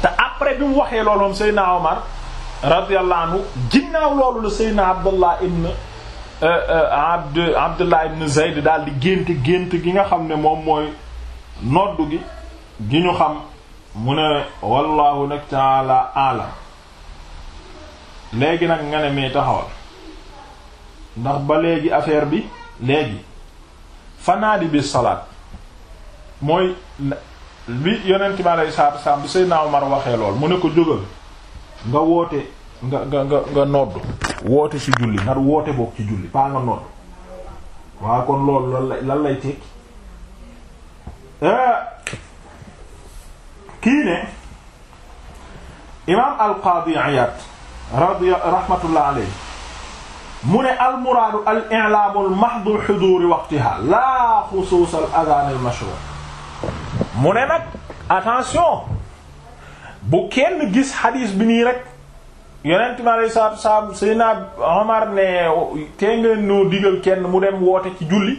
te après bi mu waxee loolu moom Seydina Omar radiyallahu anhu ginnaaw loolu la seydna abdullah ibn euh, euh, abd abdullah ibn zayd daal di gént gént gi nga xam ne moom mooy noddu gi gi ñu xam mu ne wallahu nag taala alam léegi nag nga ne mee taxawal ndax ba léegi affaire bi léegi fanaadi bi salaat mooy bi yonent bi alayhi salaatu wa salaam bi seydna waxee lool mu ne ko jógal nga woote nga nga nga nga nodd woote ci julli nga woote boog ci julli paa nga nodd waaw kon loolu lan lay lan lay tekki eh, kii ne imaam al qaadi Iyaad radiya rahmatullah alayhi mu ne al muraadu al i'laamu al mahdu xuduuri waqtiha laa xusuus al adaan al mashru' mu ne nag attention bu kenn gis xadiis bi nii rek yonent mi alayhi salaatu wasalaam Seydina Omar ne tee ngeen noo digal kenn mu dem woote ci julli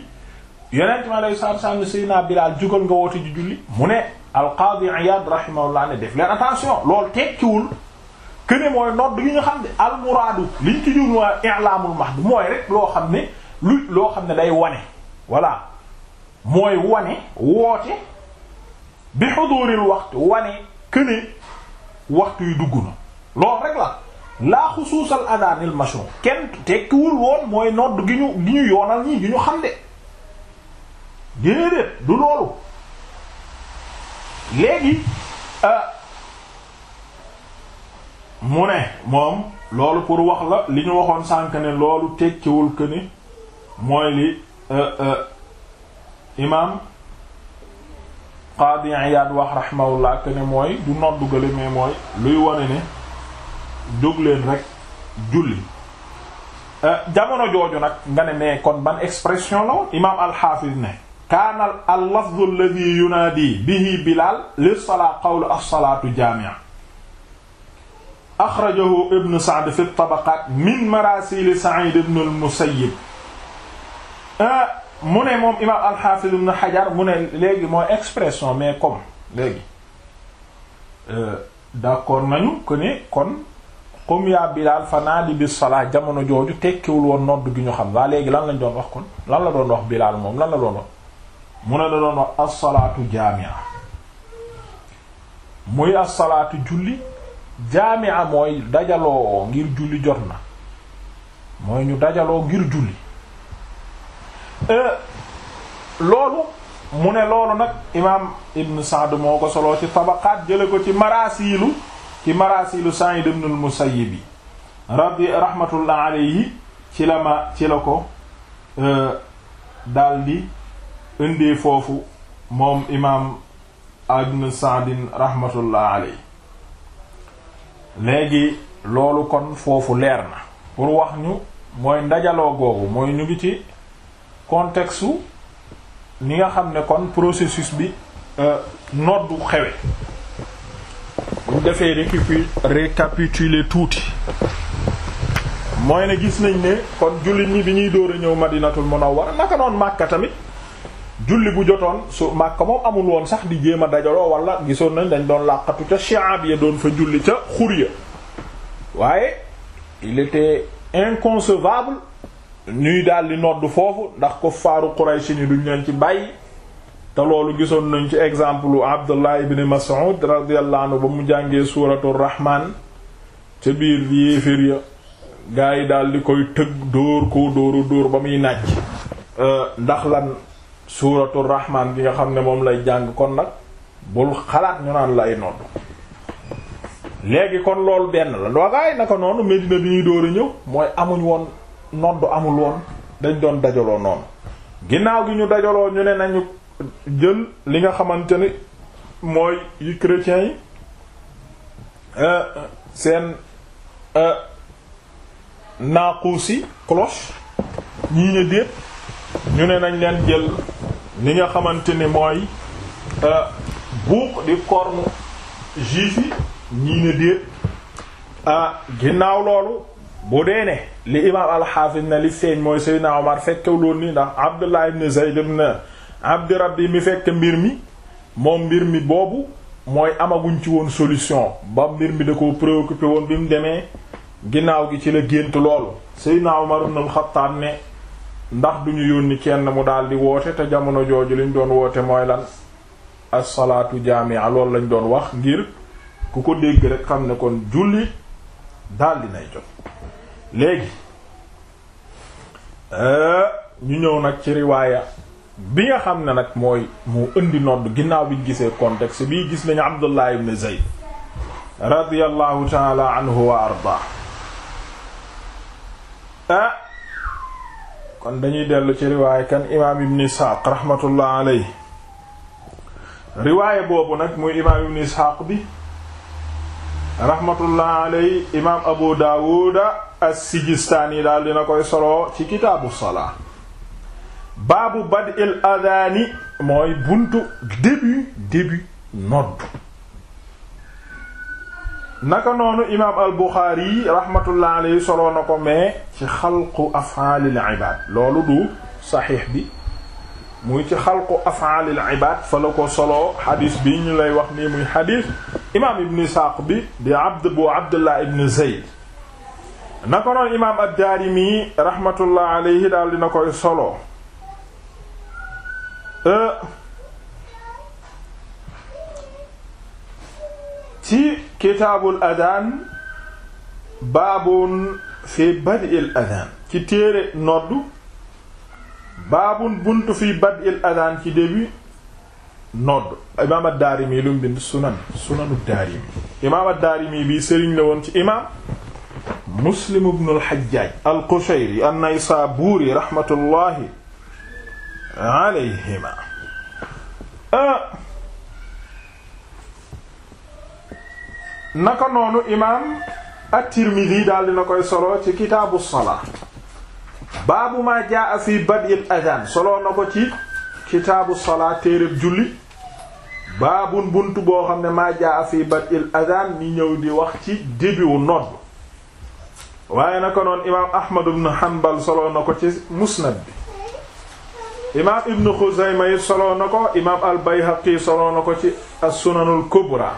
yonent mi alayhi salaatu wasalaam ne Seydina Bilaal jugal nga woote ci julli mu ne al-Qaadi Iyaad rahimahullah ne def leen attention loolu tekkiwul que ne mooy nodd gi nga xam ne al-muraadu liñ ci jun waa i'laamul mahd mooy rek loo xam ne lu loo xam ne day wane voilà mooy wane woote bi xuduuril waxtu wane que waxtu yu dugg na loolu rek la laa xusuusal adaanil mashru kenn tekkiwul woon mooy nodd gi ñu gi ñu yoonal ñii gi ñu xam de déedéet du loolu léegi euh, mu ne moom loolu pour wax la li ñu waxoon sànk ne loolu tekkiwul que ni mooy li euh, euh, imaam Qaadi Iyaad wax rahimahullah que ne mooy du noddu gële mais mooy luy wane ne jóg leen rek julli euh, jamono jooju nag nga ne mais kon ban expression la woon imaam al-Hafiz ne kaana al-lafzu alladhi yunaadi bihi Bilaal lis-salaa qawlu as-salaatu jaami'a axrajahu ibn Sa'd fi at-tabaqaat min maraasiil Sa'iid ibn al-Musayyib euh, mu ne moom imaam al-Hafiz ibn Hajar mu ne léegi mooy expression mais comme léegi euh, d'accord nañu ko ne kon qum yaa Bilaal fanaadi bis salaa jamono jooju tekkiwul woon nodd gi ñu xam waa léegi lan lañ doon wax kon lan la doon wax Bilaal moom lan la doon wax mu ne la doon wax as-salaatu jaami'a muy as-salaatu julli jaami'a mooy dajaloo ngir julli jot na mooy ñu dajaloo ngir julli Euh, loolu mu ne loolu nag imaam Ibn Sa'd moo ko soloo ci tabaqaat jële ko ci maraasiilu ci maraasiilu Sa'id ibn al-Musayyib rabbi rahmatullah yi ci la ma ci la ko euh, daldi indee foofu moom imaam Ibn Sa'd rahmatullah alayhi léegi loolu kon foofu leer na pour wax ñu mooy ndajaloo googu mooy ñu ngi ci contexte su ni nga xam ne kon processus bi euh, noddu xewe buñ defee récapi récapituler tuuti mooy ne gis nañ ne kon jullit ñi bi ñuy dóor a ñëw madinatul munawwara naka noon màkka tamit julli bu jotoon su màkka moom amul woon sax di jéem a dajaloo wala gisoon nañ dañ doon làqatu ca shi'ab ya doon fa julli ca xur ya waaye il était inconcevable ñuy daldi nodd foofu ndax ko faaru Quraysh ni duñ leen ci bàyyi te loolu gisoon nañ ci exemple Abdullah ibn Mas'ud radiyallahu anhu ba mu jàngee suuratul Rahmaan ca biir yéefér ya gaa yi daldi koy tëgg dóor koo dóoru dóor ba muy nàcc euh, ndax lan suuratul Rahmaan bi nga xam ne moom lay jàng kon nag bul xalaat ñu naan lay nodd léegi kon loolu benn la doogaay naka noonu Medina bi ñuy dóor a ñëw mooy amuñ woon nodd amul woon dañ doon dajaloo noonu ginnaaw gi ñu dajaloo ñu ne nañu jël li nga xamante ni mooy yu chrétiens yi euh, seen euh, naaquusi cloche ñii déet ñu ne nañ leen jël li nga xamante ni mooy euh, buuq di corne juif yi ñii déet ah, ginnaaw loolu bu dee ne li imaam alxaafis na li feeñ mooy Seydina fekkew fekkewuloon ni ndax Abdullah ibn Zayd ibn Abdi Rabbi mi fekk mbir mi moom mbir mi boobu mooy amaguñ ci woon solution ba mbir mi da ko préoccupé woon bi mu demee ginnaaw gi ci la gént loolu Seydina Omar ibn al-Khattab ne ndax duñu yónni kenn mu daal di woote te jamono jooju liñ doon woote mooy lan as-salaatu jaami'a loolu lañ doon wax ngir ku ko dégg rek xam ne kon julli daal di nay jot léegi euh, ñu ñëw nag ci riwaaya bi nga xam ne nag mooy mu indi nodd ginnaaw bi gisee contexte bi gis nañu Abdullah ibn Zayd radiyallahu taala anhu wa arda ah kon dañuy dellu ci riwaaya kan imaam ibn Isxaaq rahmatullah alayhi riwaaya boobu nag muy imaam ibn Isxaaq bi rahmatullah alayhi imaam Abu Daawuda as-Sijistaani yi daal dina koy solo ci kitaabu salaa baabu bad'il adhaani mooy buntu début début nodd naka noonu imaam al-Buxaari rahmatullah alayhi na ko mais ci xalqu af'aalil ibaad loolu du saxiix bi muy ci xalqu af'aalil ibaad fa la ko soloo xadiis bi ñu lay wax nii muy xadiis imaam ibn Isaaq bi di abd bu Abdullah ibn Zayd na ko noon imaam ad-Daarimi rahmatullah alayhi daal dina koy solo ci kitaabul adaan baabun fi bad'il adaan ci téere nodd baabun buntu fi bad'il adaan ci début nodd imaam ad-Daarimi lu sunan sunanu ad-Daarimi imaam ad-Daarimi bi sëriñ la ci imaam muslim ibn al-Hajjaj al-Qushayri an rahmatullahi alayhima ah, naka noonu imaam at-Tirmidhi daal dina koy solo ci kitaabu salaa baabu maa jaa fi bad'il adaan solo na ci kitaabu salaa téereb julli baabun bunt boo xam ne maa jaa fi bad'il adaan ni ñëw di wax ci début wu nodd waaye naka noonu imaam Ahmad ibn Hanbal soloo na ko ci musnad bi imaam Ibn Khuzayma yi soloo na ko imaam al-Bayhaqi soloo na ko ci as-Sunanul Kubra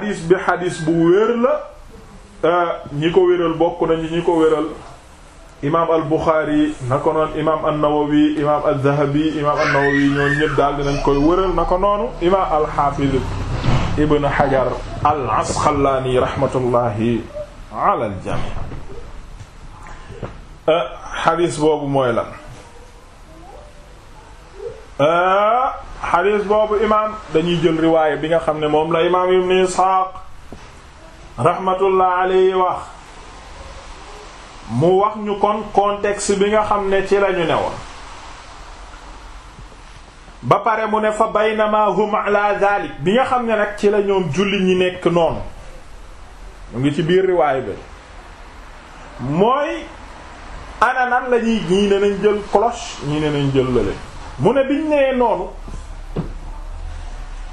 bi xadis bu wér la eh, ñi ko wéral bokk nañu ñi ko wéral imaam al-Bukhari naka noonu imaam an-Nawawi imaam al-Dhahabi imaam an-Nawawi ñoom ñëpp daal dinañ imaam al-Hafiz Hajar al-Asqalani rahmatullahi ala al jamii xadis eh, boobu mooy lan xadis eh, boobu imaam dañuy jël riwaaya bi nga xam ne moom la imaam ibn Isxaaq rahmatullah alayhi wax mu wax ñu kon contexte bi nga xam ne ci lañu ne woon ba pare mu ne fa baynama hum ala bi nga xam ne nag ci la ñoom julli ñi nekk noonu mu ngi ci biir riwaay bi mooy ana nan la ñuy ñii jël cloche ñii ne nañ jël lële mu ne biñ nee noonu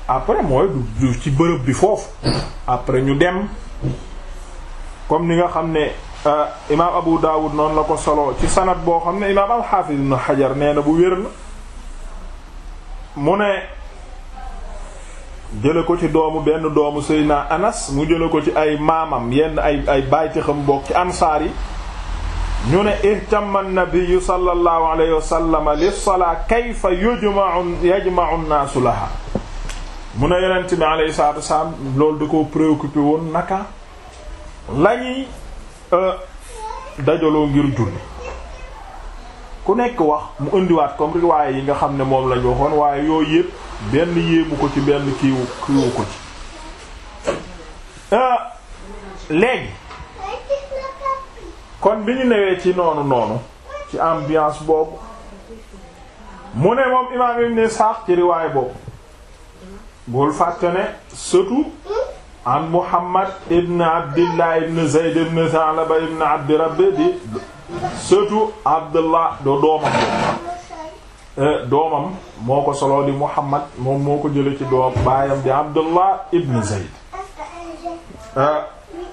après mooy du ci bërëb bi foofu après ñu dem comme ni nga xam ne euh, imaam Abu Dawud noonu la ko solo ci sanad boo xam ne imaam al-Hafiz ibn Hajar nee na bu wér na mu ne jële ko ci doomu benn doomu Seydina Anas mu jële ko ci ay maamam yenn ay ay bàyti xam bokk ci ansaar yi ñu ne ihtamma nabiyu sallallahu alayhi wa sallama lissalaa kayfa yujma'u yajma'u nnaasu laha mu ne yonent bi alayhi salaatu wasalaam loolu da koo préoccupé woon naka la euh, dajaloo ngir julli ku nekk wax mu indiwaat comme riwaaye yi nga xam ne moom lañ waxoon waaye yooyu yépp benn yéemu ko ci benn kiiwu ko ci ah, léegi kon bi ñu newee ci noonu noonu ci ambiance boobu mu ne moom imaam ibn Ishaq ci riwaay boobu bul fàtte ne surtout an Muhammad ibn Abdillah ibn Zayd ibn Thalaba ibn Abdi di surtout Abdullah doo doomam Euh, doomam moo ko soloo di Muhammad moom moo ko jële ci doom baayam di Abdullah ibn Zayd euh,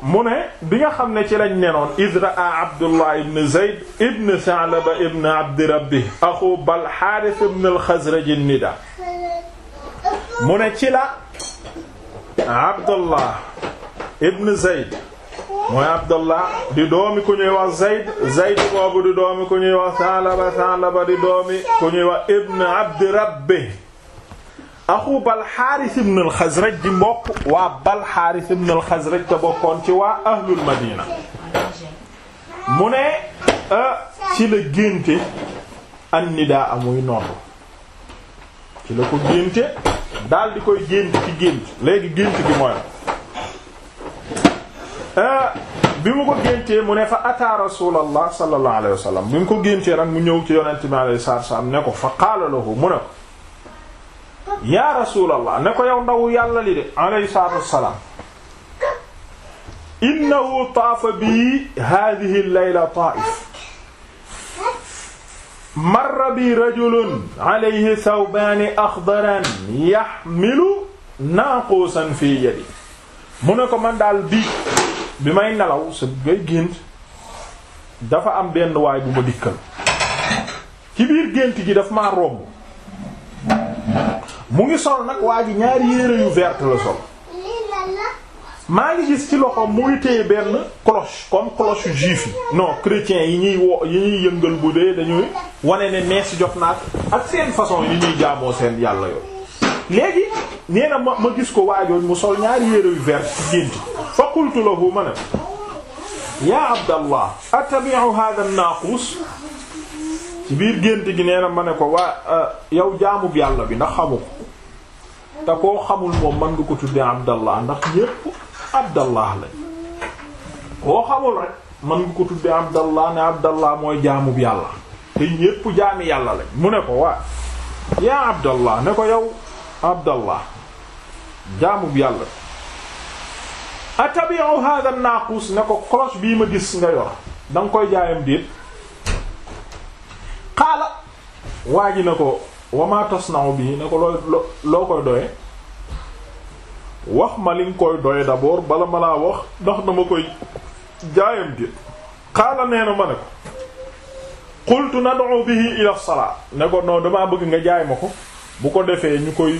mu ne bi nga xam ne ci lañ nenoon idraa Abdullah ibn Zayd ibn Sa'laba ibn Abdi Rabbi axu bal Haaris ibn al-Xazraj nida mu ne la Abdullah ibn Zayd mooy Abdallah di doomi ku ñuy wax Zayd Zayd boobu di doomi ku ñuy wax Salaba Salaba di doomi ku ñuy wax Ibn Abdi Rabbi axu Balxaaris ibn al-Xasraj di mbokk waa Balxaaris ibn al-Xasraj te bokkoon ci waa ahlul Madina mu ne ci la génte annidaa amuy nodd ci la ko génte daal di koy gént ci gént léegi gént gi mooy Eh, bi mu ko géntee mu ne fa ata rasulallah sallallahu alayhi wa sallam bi mu ko géntee nag mu ñëw ci yonent bi alayhi salaatu wasallam ne ko fa qaala lahu mu ne ko yaa rasulallah ne ko yow ndaw yàlla li de alayhi salaatu wassalaam innahu taafa bi hadhihi al-layla taa'if marra bi rajulun alayhi thawbaani axdaraan yaxmilu naaquusan fii yadi mu ne ko man daal bii bi may nelaw sa ngay gént dafa am benn waay bu ma dikkal ci biir gént gi dafa ma romb mu ngi sol nag waa ji ñaari yére yu vert la sol maa ngi gis ci loxoom mu ngi benn cloche comme cloche juif yi non chrétien yi ñuy wo yi ñuy yëngal bu dee dañuy wane ne mees jot naat ak seen façon yi ñuy jaamoo seen yàlla yooyu léegi nee ma ma gis ko waajooñ mu sol ñaari yére yu vert ci gént qultu lahu ma ne yaa abdallah attabi'u hadha an ci biir gént gi nee na ma ne ko waa eh, yow jaamub yàlla bi ndax xamu ko te koo xamul moom mën nga ko tuddee abdallah ndax ñépp abdallah lañ koo xamul rek mën nga ko tuddee abdallah ne abdallah mooy jaamub yàlla te ñépp jaami yàlla lañ mu ne ko waa yaa abdallah ne ko yow abdallah jaamub yàlla atabi'u hadha an-naqus ne ko cloche bii ma gis nga yor danga koy jaayam déet xaala waa ji ne ko wama tasna'u bii ne ko loo loo koy doye wax ma li nga koy doye d'abord bala ma laa wax ndax dama koy jaayam déet xaala nee na ma ne ko qultu nad'u bihi ila as-salat ne ko non damaa bëgg nga jaay ma ko bu ko defee ñu koy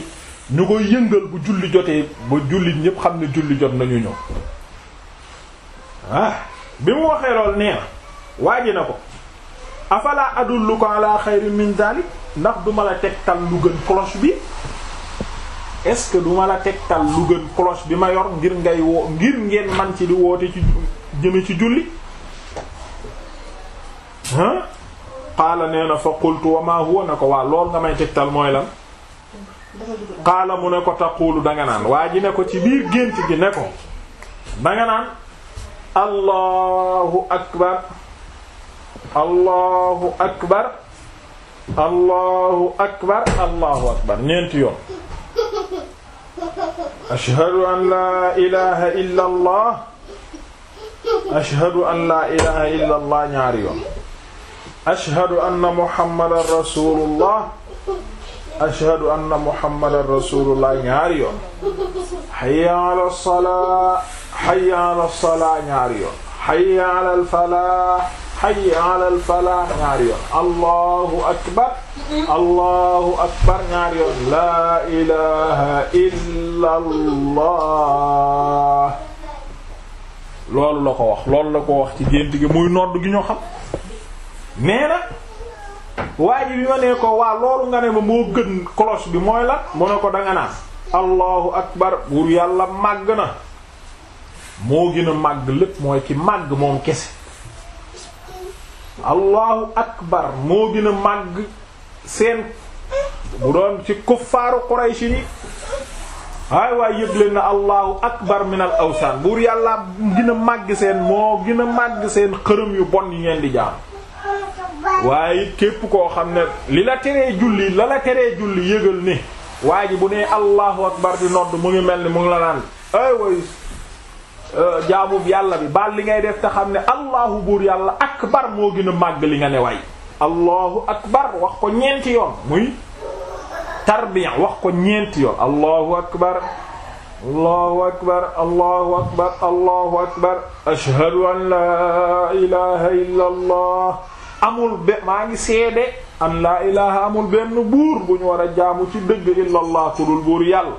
ñu koy yëngal bu julli jotee ba jullit ñépp xam ne julli jot nañu ñëw ah, bi mu waxee lool nee na waaji na ko afala adulluka ala xayrin min dalik ndax duma la tegtal lu gën cloche bi est-ce que duma la tegtal lu gën cloche bi ma yor ngir ngay ngir ngeen man ci di woote ci jëme ci julli ah qaala nee na fa qultu wa na ko waa lool nga may tegtal mooy lan xaala mu ne ko taquulu danga naan waa ji ne ko ci biir gént gi ne ko danga naan allahu akbar allahu akbar allahu akbar allahu akbar ñeenti yoon ashhadu an laa ilaha illa allah ashhadu an laa ilaha illa allah ñaari yoon ashhadu anna muhammadan rasulullah ashhadu anna muhammadan rasulullah ñaari yoon hayya ala salaa hayya ala salaa ñaari yoon hayya ala al falah hayya ala al falah ñaari yoon allahu akbar allahu akbar ñaari yoon laa ilaha illa allah loolu la ko wax loolu la ko wax ci gént gi muy nodd gi ñoo xam nee na waa ji bi ma nee ko waa loolu nga ne ma moo gën cloche bi mooy la mu ne ko danga naan allahu akbar buur yàlla màgg na moo gën a màgg lépp mooy ci màgg moom kese allahu akbar moo gën a màgg seen bu doon ci kuffaaru Qurayshi ni waay waay yëg leen na allahu akbar min al awsaan buur yàlla gën màgg seen moo gën a màgg seen xërëm yu bon yi di jaam waaye képp koo xam ne li la teree julli la la teree julli yëgal ni waa ji bu nee allahu akbar di nodd mu ngi mel ni mu ngi la naan ay way euh, jaamub yàlla bi baal li ngay def te xam ne allahu buur yàlla akbar moo gën a màgg li nga ne waay allahu akbar wax ko ñeenti yoon muy tarbiya wax ko ñeenti yoon allahu akbar allahu akbar allahu akbar allahu akbar ashhadu an la ilaha illa amul maa ngi seede an laa ilaha amul benn buur bu ñu war a jaamu ci dëgg illa allah kudul buur yàlla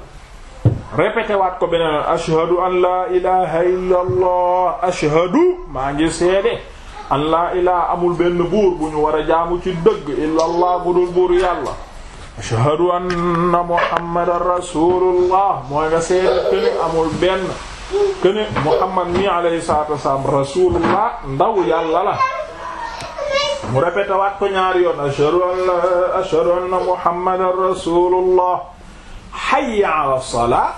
répété waat ko beneen ashhadu an laa ilaha illa allah ngi seede an amul benn buur bu ñu war a jaamu ci dëgg illa allah kudul buur yàlla ashhadu anna muhammadan rasulullah mooy nga seede këni amul benn këni muhammad mi alayhi salatu wasalam rasulullah ndaw yàlla la mu répété waat ko ñaari yoon ashhadu an la ashhadu anna muhammadan rasulullah hayya ala salaa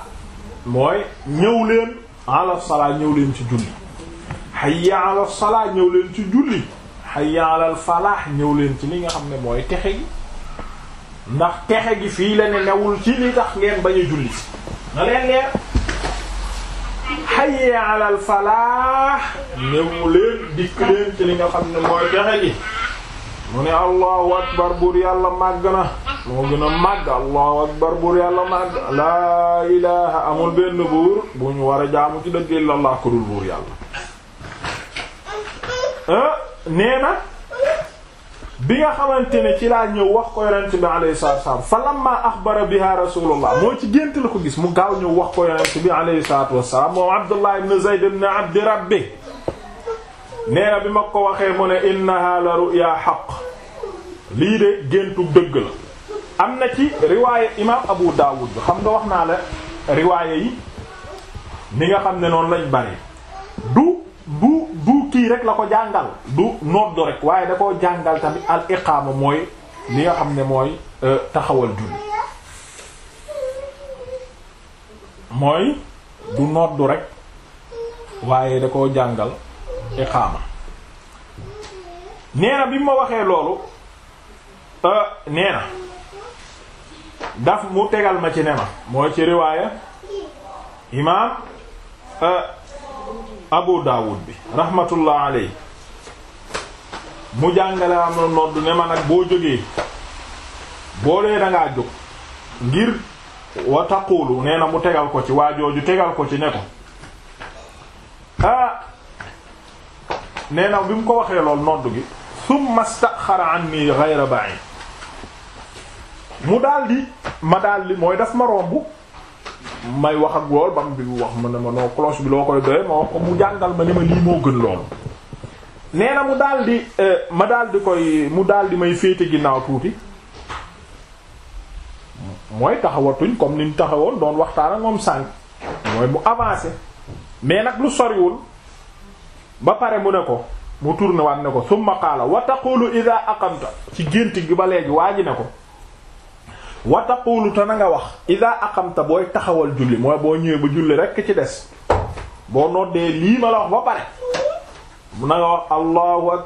mooy ñëw leen ala salaa ñëw leen ci julli hayya ala salaa ñëw leen ci julli hayya ala falaax ñëw leen ci li nga xam ne mooy texe gi ndax texe gi fii la ne newul ci li tax ngeen bañ a julli na leen leer hayya alal falaax néew leen dikk leen ci li nga xam ne mooy joxe mu ne allahu akbar buur yàlla màgg na moo gën a màgg allahu akbar buur yàlla màgg laa ilaha amul benn buur bu ñu war a jaamu ci dëgg illallah ku buur yàlla eh, nee na bi nga xamante ne ci laa ñëw wax ko yonent bi alayhi salaatu wasalaam fa lamma axbara biha rasulullah moo ci gént la ko gis mu gaaw ñëw wax ko yonent bi alayhi salaatu wasalaam moom Abdullah ibn Zayd ibn Abdi Rabbi nee na bi ma ko waxee mu ne innaha la ru'ya haqq lii de géntu dëgg la am na ci riwaayé imam Abu Dawud bi xam nga wax naa la riwaayé yi ni nga xam ne noonu lañ bari du du kii rek la ko jàngal du noddu rek waaye da koo jàngal tamit al mooy li nga xam ne mooy euh, taxawal julli mooy du noddu rek waaye da koo jàngal iqaama nee na bi ma waxee loolu euh, nee na daf mu tegal ma ci ne ma mooy ci riwaaya imaam euh, abu daawud bi rahmatullah aley mu jàngale am na nodd ne ma nag boo jógee boo lee dangaa jóg ngir wa taqulu nee na mu tegal ko ci waa jooju tegal ko ci ne ko ah nee na bi mu ko waxee lool nodd gi summa staxara anni ghayra ba'id mu daldi ma daldi mooy daf ma romb may wax ak lool ba mu bi wax ma na ma noo cloche bi loo koy doye ma ko mu jàngal ma ne ma lii moo gën loolu nee na mu daal di euh, ma daal di koy mu daal di may féete ginnaaw tuuti mooy taxawatuñ comme ni ñu taxawoon doon waxtaan ak moom sànq mooy mu avancé mais nag lu soriwul ba pare mu ne ko mu tourné waat ne ko summa qaala wa taqulu idha aqamta ci gént gi ba léegi waa ne ko wa taqulu te na wax ida aqamta booy taxawal julli mooy boo ñëwee ba julli rekk ci des boo noddee lii ma la wax ba pare na nga wax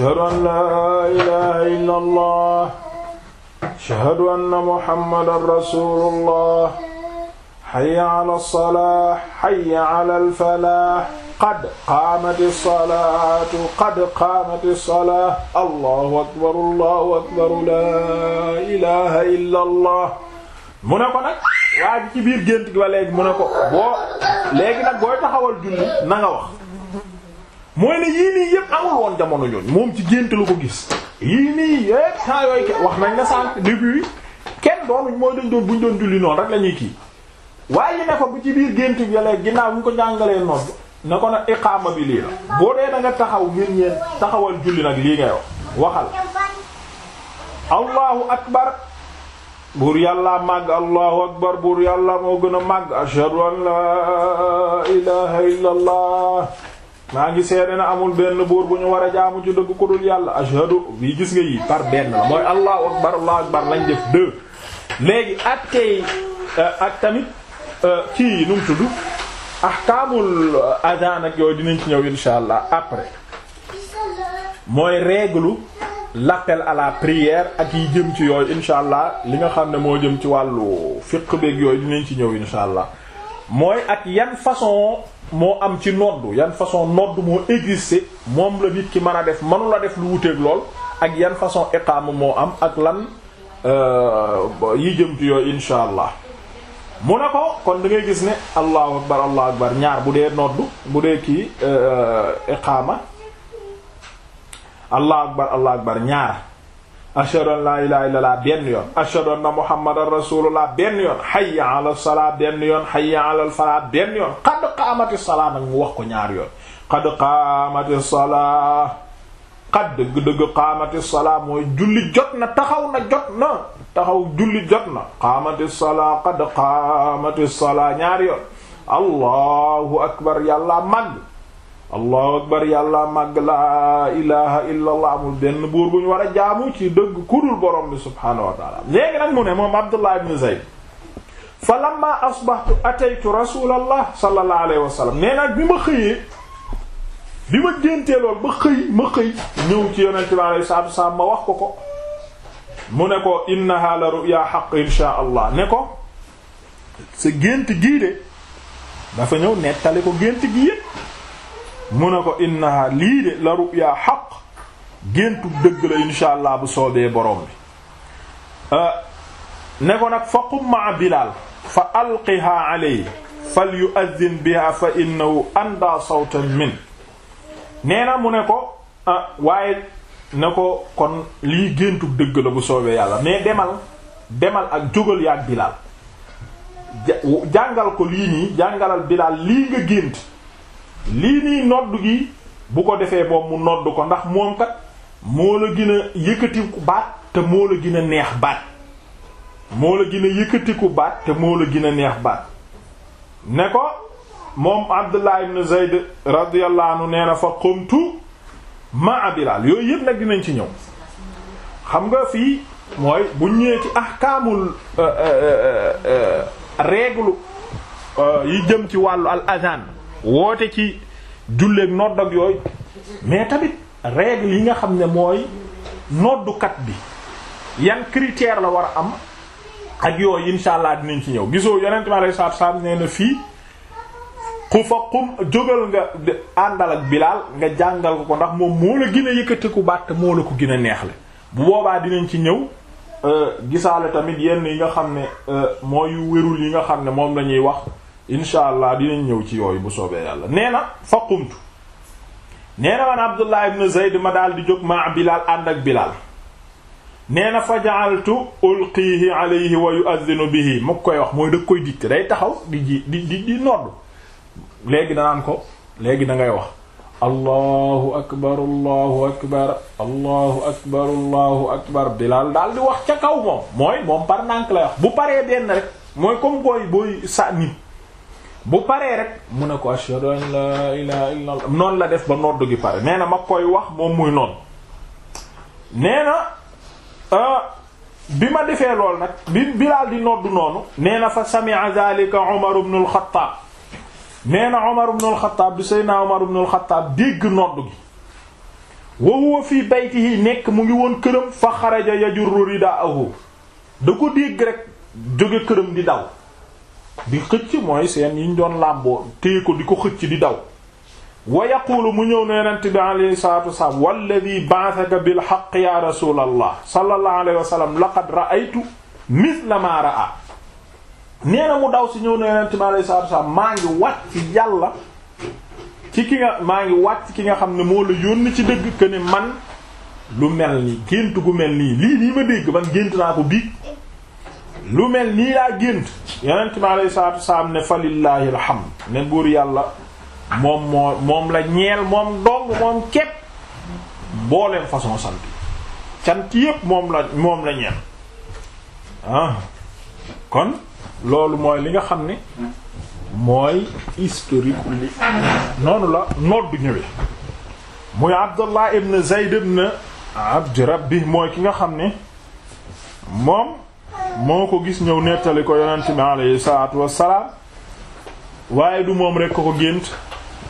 an laa ilaha illa allah ashhadu anna muhammadan rasulullah hayya ala salaah hayya ala alfalaah qad qaamati salaatu qad qaamati salaah allahu akbar allahu akbar laa ilaha illa allah mu ne ko nag waa ji ci biir gént gi ba léegi mu ne ko boo léegi nag booy taxawal julli na nga wax mooy ne yii nii yëpp amul woon jamono ñoon moom ci gént lu ko gis yii nii yëpp temps yooyu wax nañ na sànq début yi kenn doonuñ mooy dañ doon buñ doon julli noonu rek la ñuy kii waaye ñu ne ko bu ci biir gént bi yàlla ginnaaw bu ñu ko jàngalee nodd na ko nag iqaama bi lii la boo dee da taxaw ngir ñeen taxawal julli nag lii ngay wax waxal allahu akbar buur yàlla màgg allahu akbar buur yàlla moo gën a màgg ashhadu an laa ilaha illa maa ngi seede na amul benn buur bu ñu war a jaamu ci dëgg ku dul yàlla ashhadu bi gis nga yi par benn la mooy allahu akbar allahu akbar lañ def deux léegi ak tey euh, ak tamit kii nu mu tudd ahkaamul agent ak yooyu dinañ ci ñëw insha allah après mooy réglu l'appel à la prière ak yi jëm ci yooyu insha allah li nga xam ne moo jëm ci wàllu fiqh beeg yooyu dinañ ci ñëw insha allah mooy ak yan façon moo am ci nodd yan façon nodd moo existé moom la nit ki mën a def mënu la def lu wuteeg lool ak yan façon iqaam moo am ak lan euh, yi jëm ci yooyu insha allah mu ne ko kon da ngay gis ne allahu akbar allahu akbar ñaar bu dee noddu bu dee kii euh, iqaama allahu akbar allahu akbar ñaar ashhadu an la ilaha illallah yoon ashhadu anna muhammadan rasulullah benn yoon hayya ala salaa benn yoon qad qaamati salaa nag mu wax ko ñaar yoon qad qaamati salaa qad dëgg dëgg qaamati salaa mooy julli jot na taxaw na jot na taxaw julli jot na qaamati salaa qad qaamati salaa ñaari yoon allahu akbar yàllaa màgg allahu akbar màgg laa ilaha illa allah amul benn buur bu ñu war a jaamu ci dëgg kudul borom bi subhaanahu wa taala léegi nag mu ne abdullah ibn zayd fa lamma asbahtu ataytu rasulallah sallallahu alayhi wa bi ma bi ma géntee lool ba xëy ma xëy ñëw ci yonente bi alayhi salaatu ma wax ko ko mu ne ko innaha la ru'ya haqq insha ne ko sa gént gii dafa ñëw nettali ko gént gi mu ne ko inna lii de la ru'ya haqq géntu dëgg la insha allah bu soobee borom bi euh, ne ko nag fa qum ma'a bilaal fa alqiha alayhi fal yu'adhdhin biha fa innahu anda sawtan min nee mu ne ko ah, waaye ne ko kon lii géntu dëgg la bu soobee yàlla mais demal demal ak jógal yaag bilaal jàngal ko lii nii jàngalal bilaal lii nga gént lii nii nodd gi bu ko defee boobu mu nodd ko ndax moom kat moo la gën a yëkkatiku baat te moo la gën a neex baat moo la gën a yëkkatiku te moo la gën a neex baat ne ko moom Abdullah na Zayd radiyallahu anhu nee na fa qumtu maa Bilaal yooyu yëpp nag dinañ ci ñëw xam nga fii mooy bu ñëwee ci ahkaamul euh, euh, euh, règle yi jëm ci wàllu al azan woote ci julleeg nodd ak yooyu mais tamit règle yi nga xam ne mooy noddukat bi yan critère la war a am ak yooyu insha allah dinañ ci ñëw gisoo yonent mi alayhi salaatu salaam nee na fii ku fa qum jógal nga àndal ak bilaal nga jàngal ko ko ndax moom moo la gën a yëkkatiku bàtt moo la ko gën a neexle bu boobaa dinañ ci ñëw euh, gisaale tamit yenn yi nga xam ne euh, mooy yu wérul yi nga xam ne moom la ñuy wax insha allah dinañ ñëw ci yooyu bu soobee yàlla nee na fa qumtu nee na man abdullah ibn zayd ma daal di jóg maa bilaal ànd ak bilaal nee na fa ja'altu ulqihi alayhi wa yu'adhdhinu bihi mu koy wax mooy da koy dikk day taxaw di di léegi danaan ko léegi da ngay wax allahu akbar allahu akbar allahu akbar allahu akbar daal di wax ca kaw moom mooy moom par nànk lay wax bu paree benn rek mooy comme koy booy sa nit bu paree rek mu ne ko an la ilaha illa allah noonu la def ba nodd gi pare nee na ma koy wax moom muy noonu nee euh, bi ma defee lool nag bi bilaal di nodd noonu nee na fa sami zalika umar ibn al nee na Omar ibn al-Khattab di Seydina Omar ibn al-Khattab dégg gi wa huwa fii baytihi nekk mu ngi woon këram fa xaraja yajurru ridaahu da ko dégg rek jóge këram di daw di xëcc mooy seen yi ñu doon làmboo téye ko di ko xëcc di daw wa yaquulu mu ñëw ne yonent bi alayhi salaatu wasalaam walladi ba'athaka bil haqq ya rasul allah sallallahu alayhi wa sallam laqad ra'aytu mithla ma ra'a nee na mu daw si ñëw na yonent bi alayhi salaatu wasallam maa ngi wat ci yàlla ci ki nga maa ngi wat ki nga xam ne moo la yónni ci dëgg que ne man lu mel ni gént gu mel nii lii nii ma dégg man gént naa ko biig lu mel nii laa gént yonent bi alayhi salaatu wasallam ne fa lillahi alhamd ne buur yàlla moom moo moom la ñeel moom dong moom képp booleen façon sant cant yépp moom la moom la ñeel ah. kon loolu mooy li nga xam ne mooy historique li noonu la nodd ñëwee muy Abdullah ibn Zayd ibn Abd Rabbi mooy ki nga xam ne moom moo ko gis ñëw nettali ko yonent bi alayhi salaatu wassalaam waaye du moom rek ko gént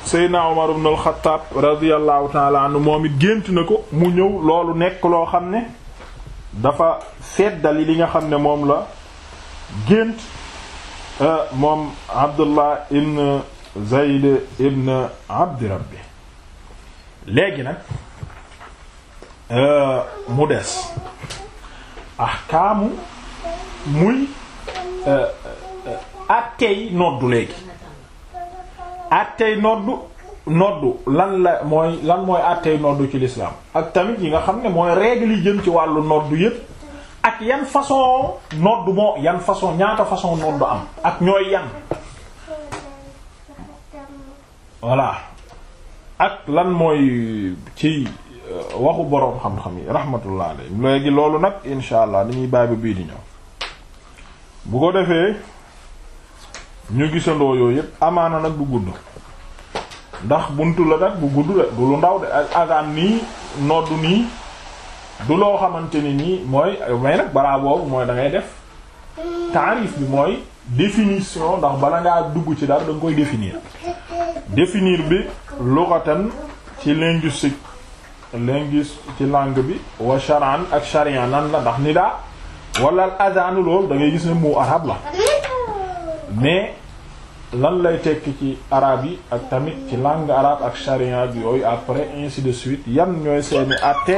Seydina Umar ibn al-Khattab radiyallahu moom it gént na ko mu ñëw loolu nekk loo xam ne dafa seddal yi li nga xam ne moom la gént Euh, moom Abdullah ibn Zayd ibn Abdi Rabbi léegi nag euh, mu des ahkaamu muy euh, attey noddu léegi attey noddu noddu lan la mooy lan mooy attey noddu ci lislaam ak tamit yi nga xam ne mooy règle yi jëm ci wàllu noddu yépp ak yan façon nodd moo yan façon ñaata façon nodd am ak ñooy yan voilà ak lan mooy ci euh, waxu boroom xam-xam yi rahmatullah alayhi léegi loolu nag insha allah dañuy bàyyi ba bii di ñëw bu ko defee ñu gisandoo yooyu yëpp amaana nag du gudd ndax buntu la nag bu gudd la du lu ndaw de azan nii nodd nii du loo xamante ni nii mooy may nag balaa boobu mooy dangay def taarif bi mooy définition ndax bala ngaa dugg ci dara da nga koy définir définir bi lughatan ci linguistique linguiste ci langue bi wa ak sharia nan la ndax ni daa wala al loolu da ngay gis ne mu arab la mais lan lay tekk ci arabe yi ak tamit ci langue arabe ak sharia bi yooyu après ainsi de suite yan ñooy seeni atte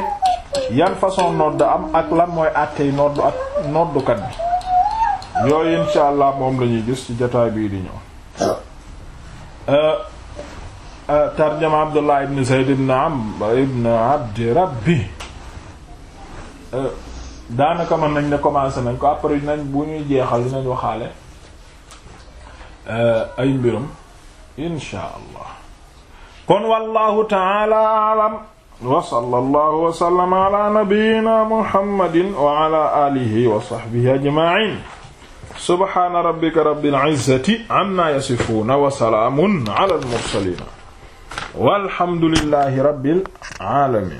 yan façon nodd am ak lan mooy àttey nodd ak noddukat bi yooyu insha allah moom la ñuy gis ci jotaay bii di ñëw euh, euh, tarjama abdullah ibn zayd ibn am ibn abdi rabbi euh, daanaka mën nañ ne commencé nañ ko après nañ bu ñuy jeexal dinañ waxaale ay mbirum insha kon wallahu taala alam wa sallallahu wa sallama ala nabiyyina muhammadin wa ala alihi wa sahbihi ajma'in subhana rabbika rabbil izzati amma yasifuna wa salaamun ala al mursalin walhamdulillahi rabbil alamin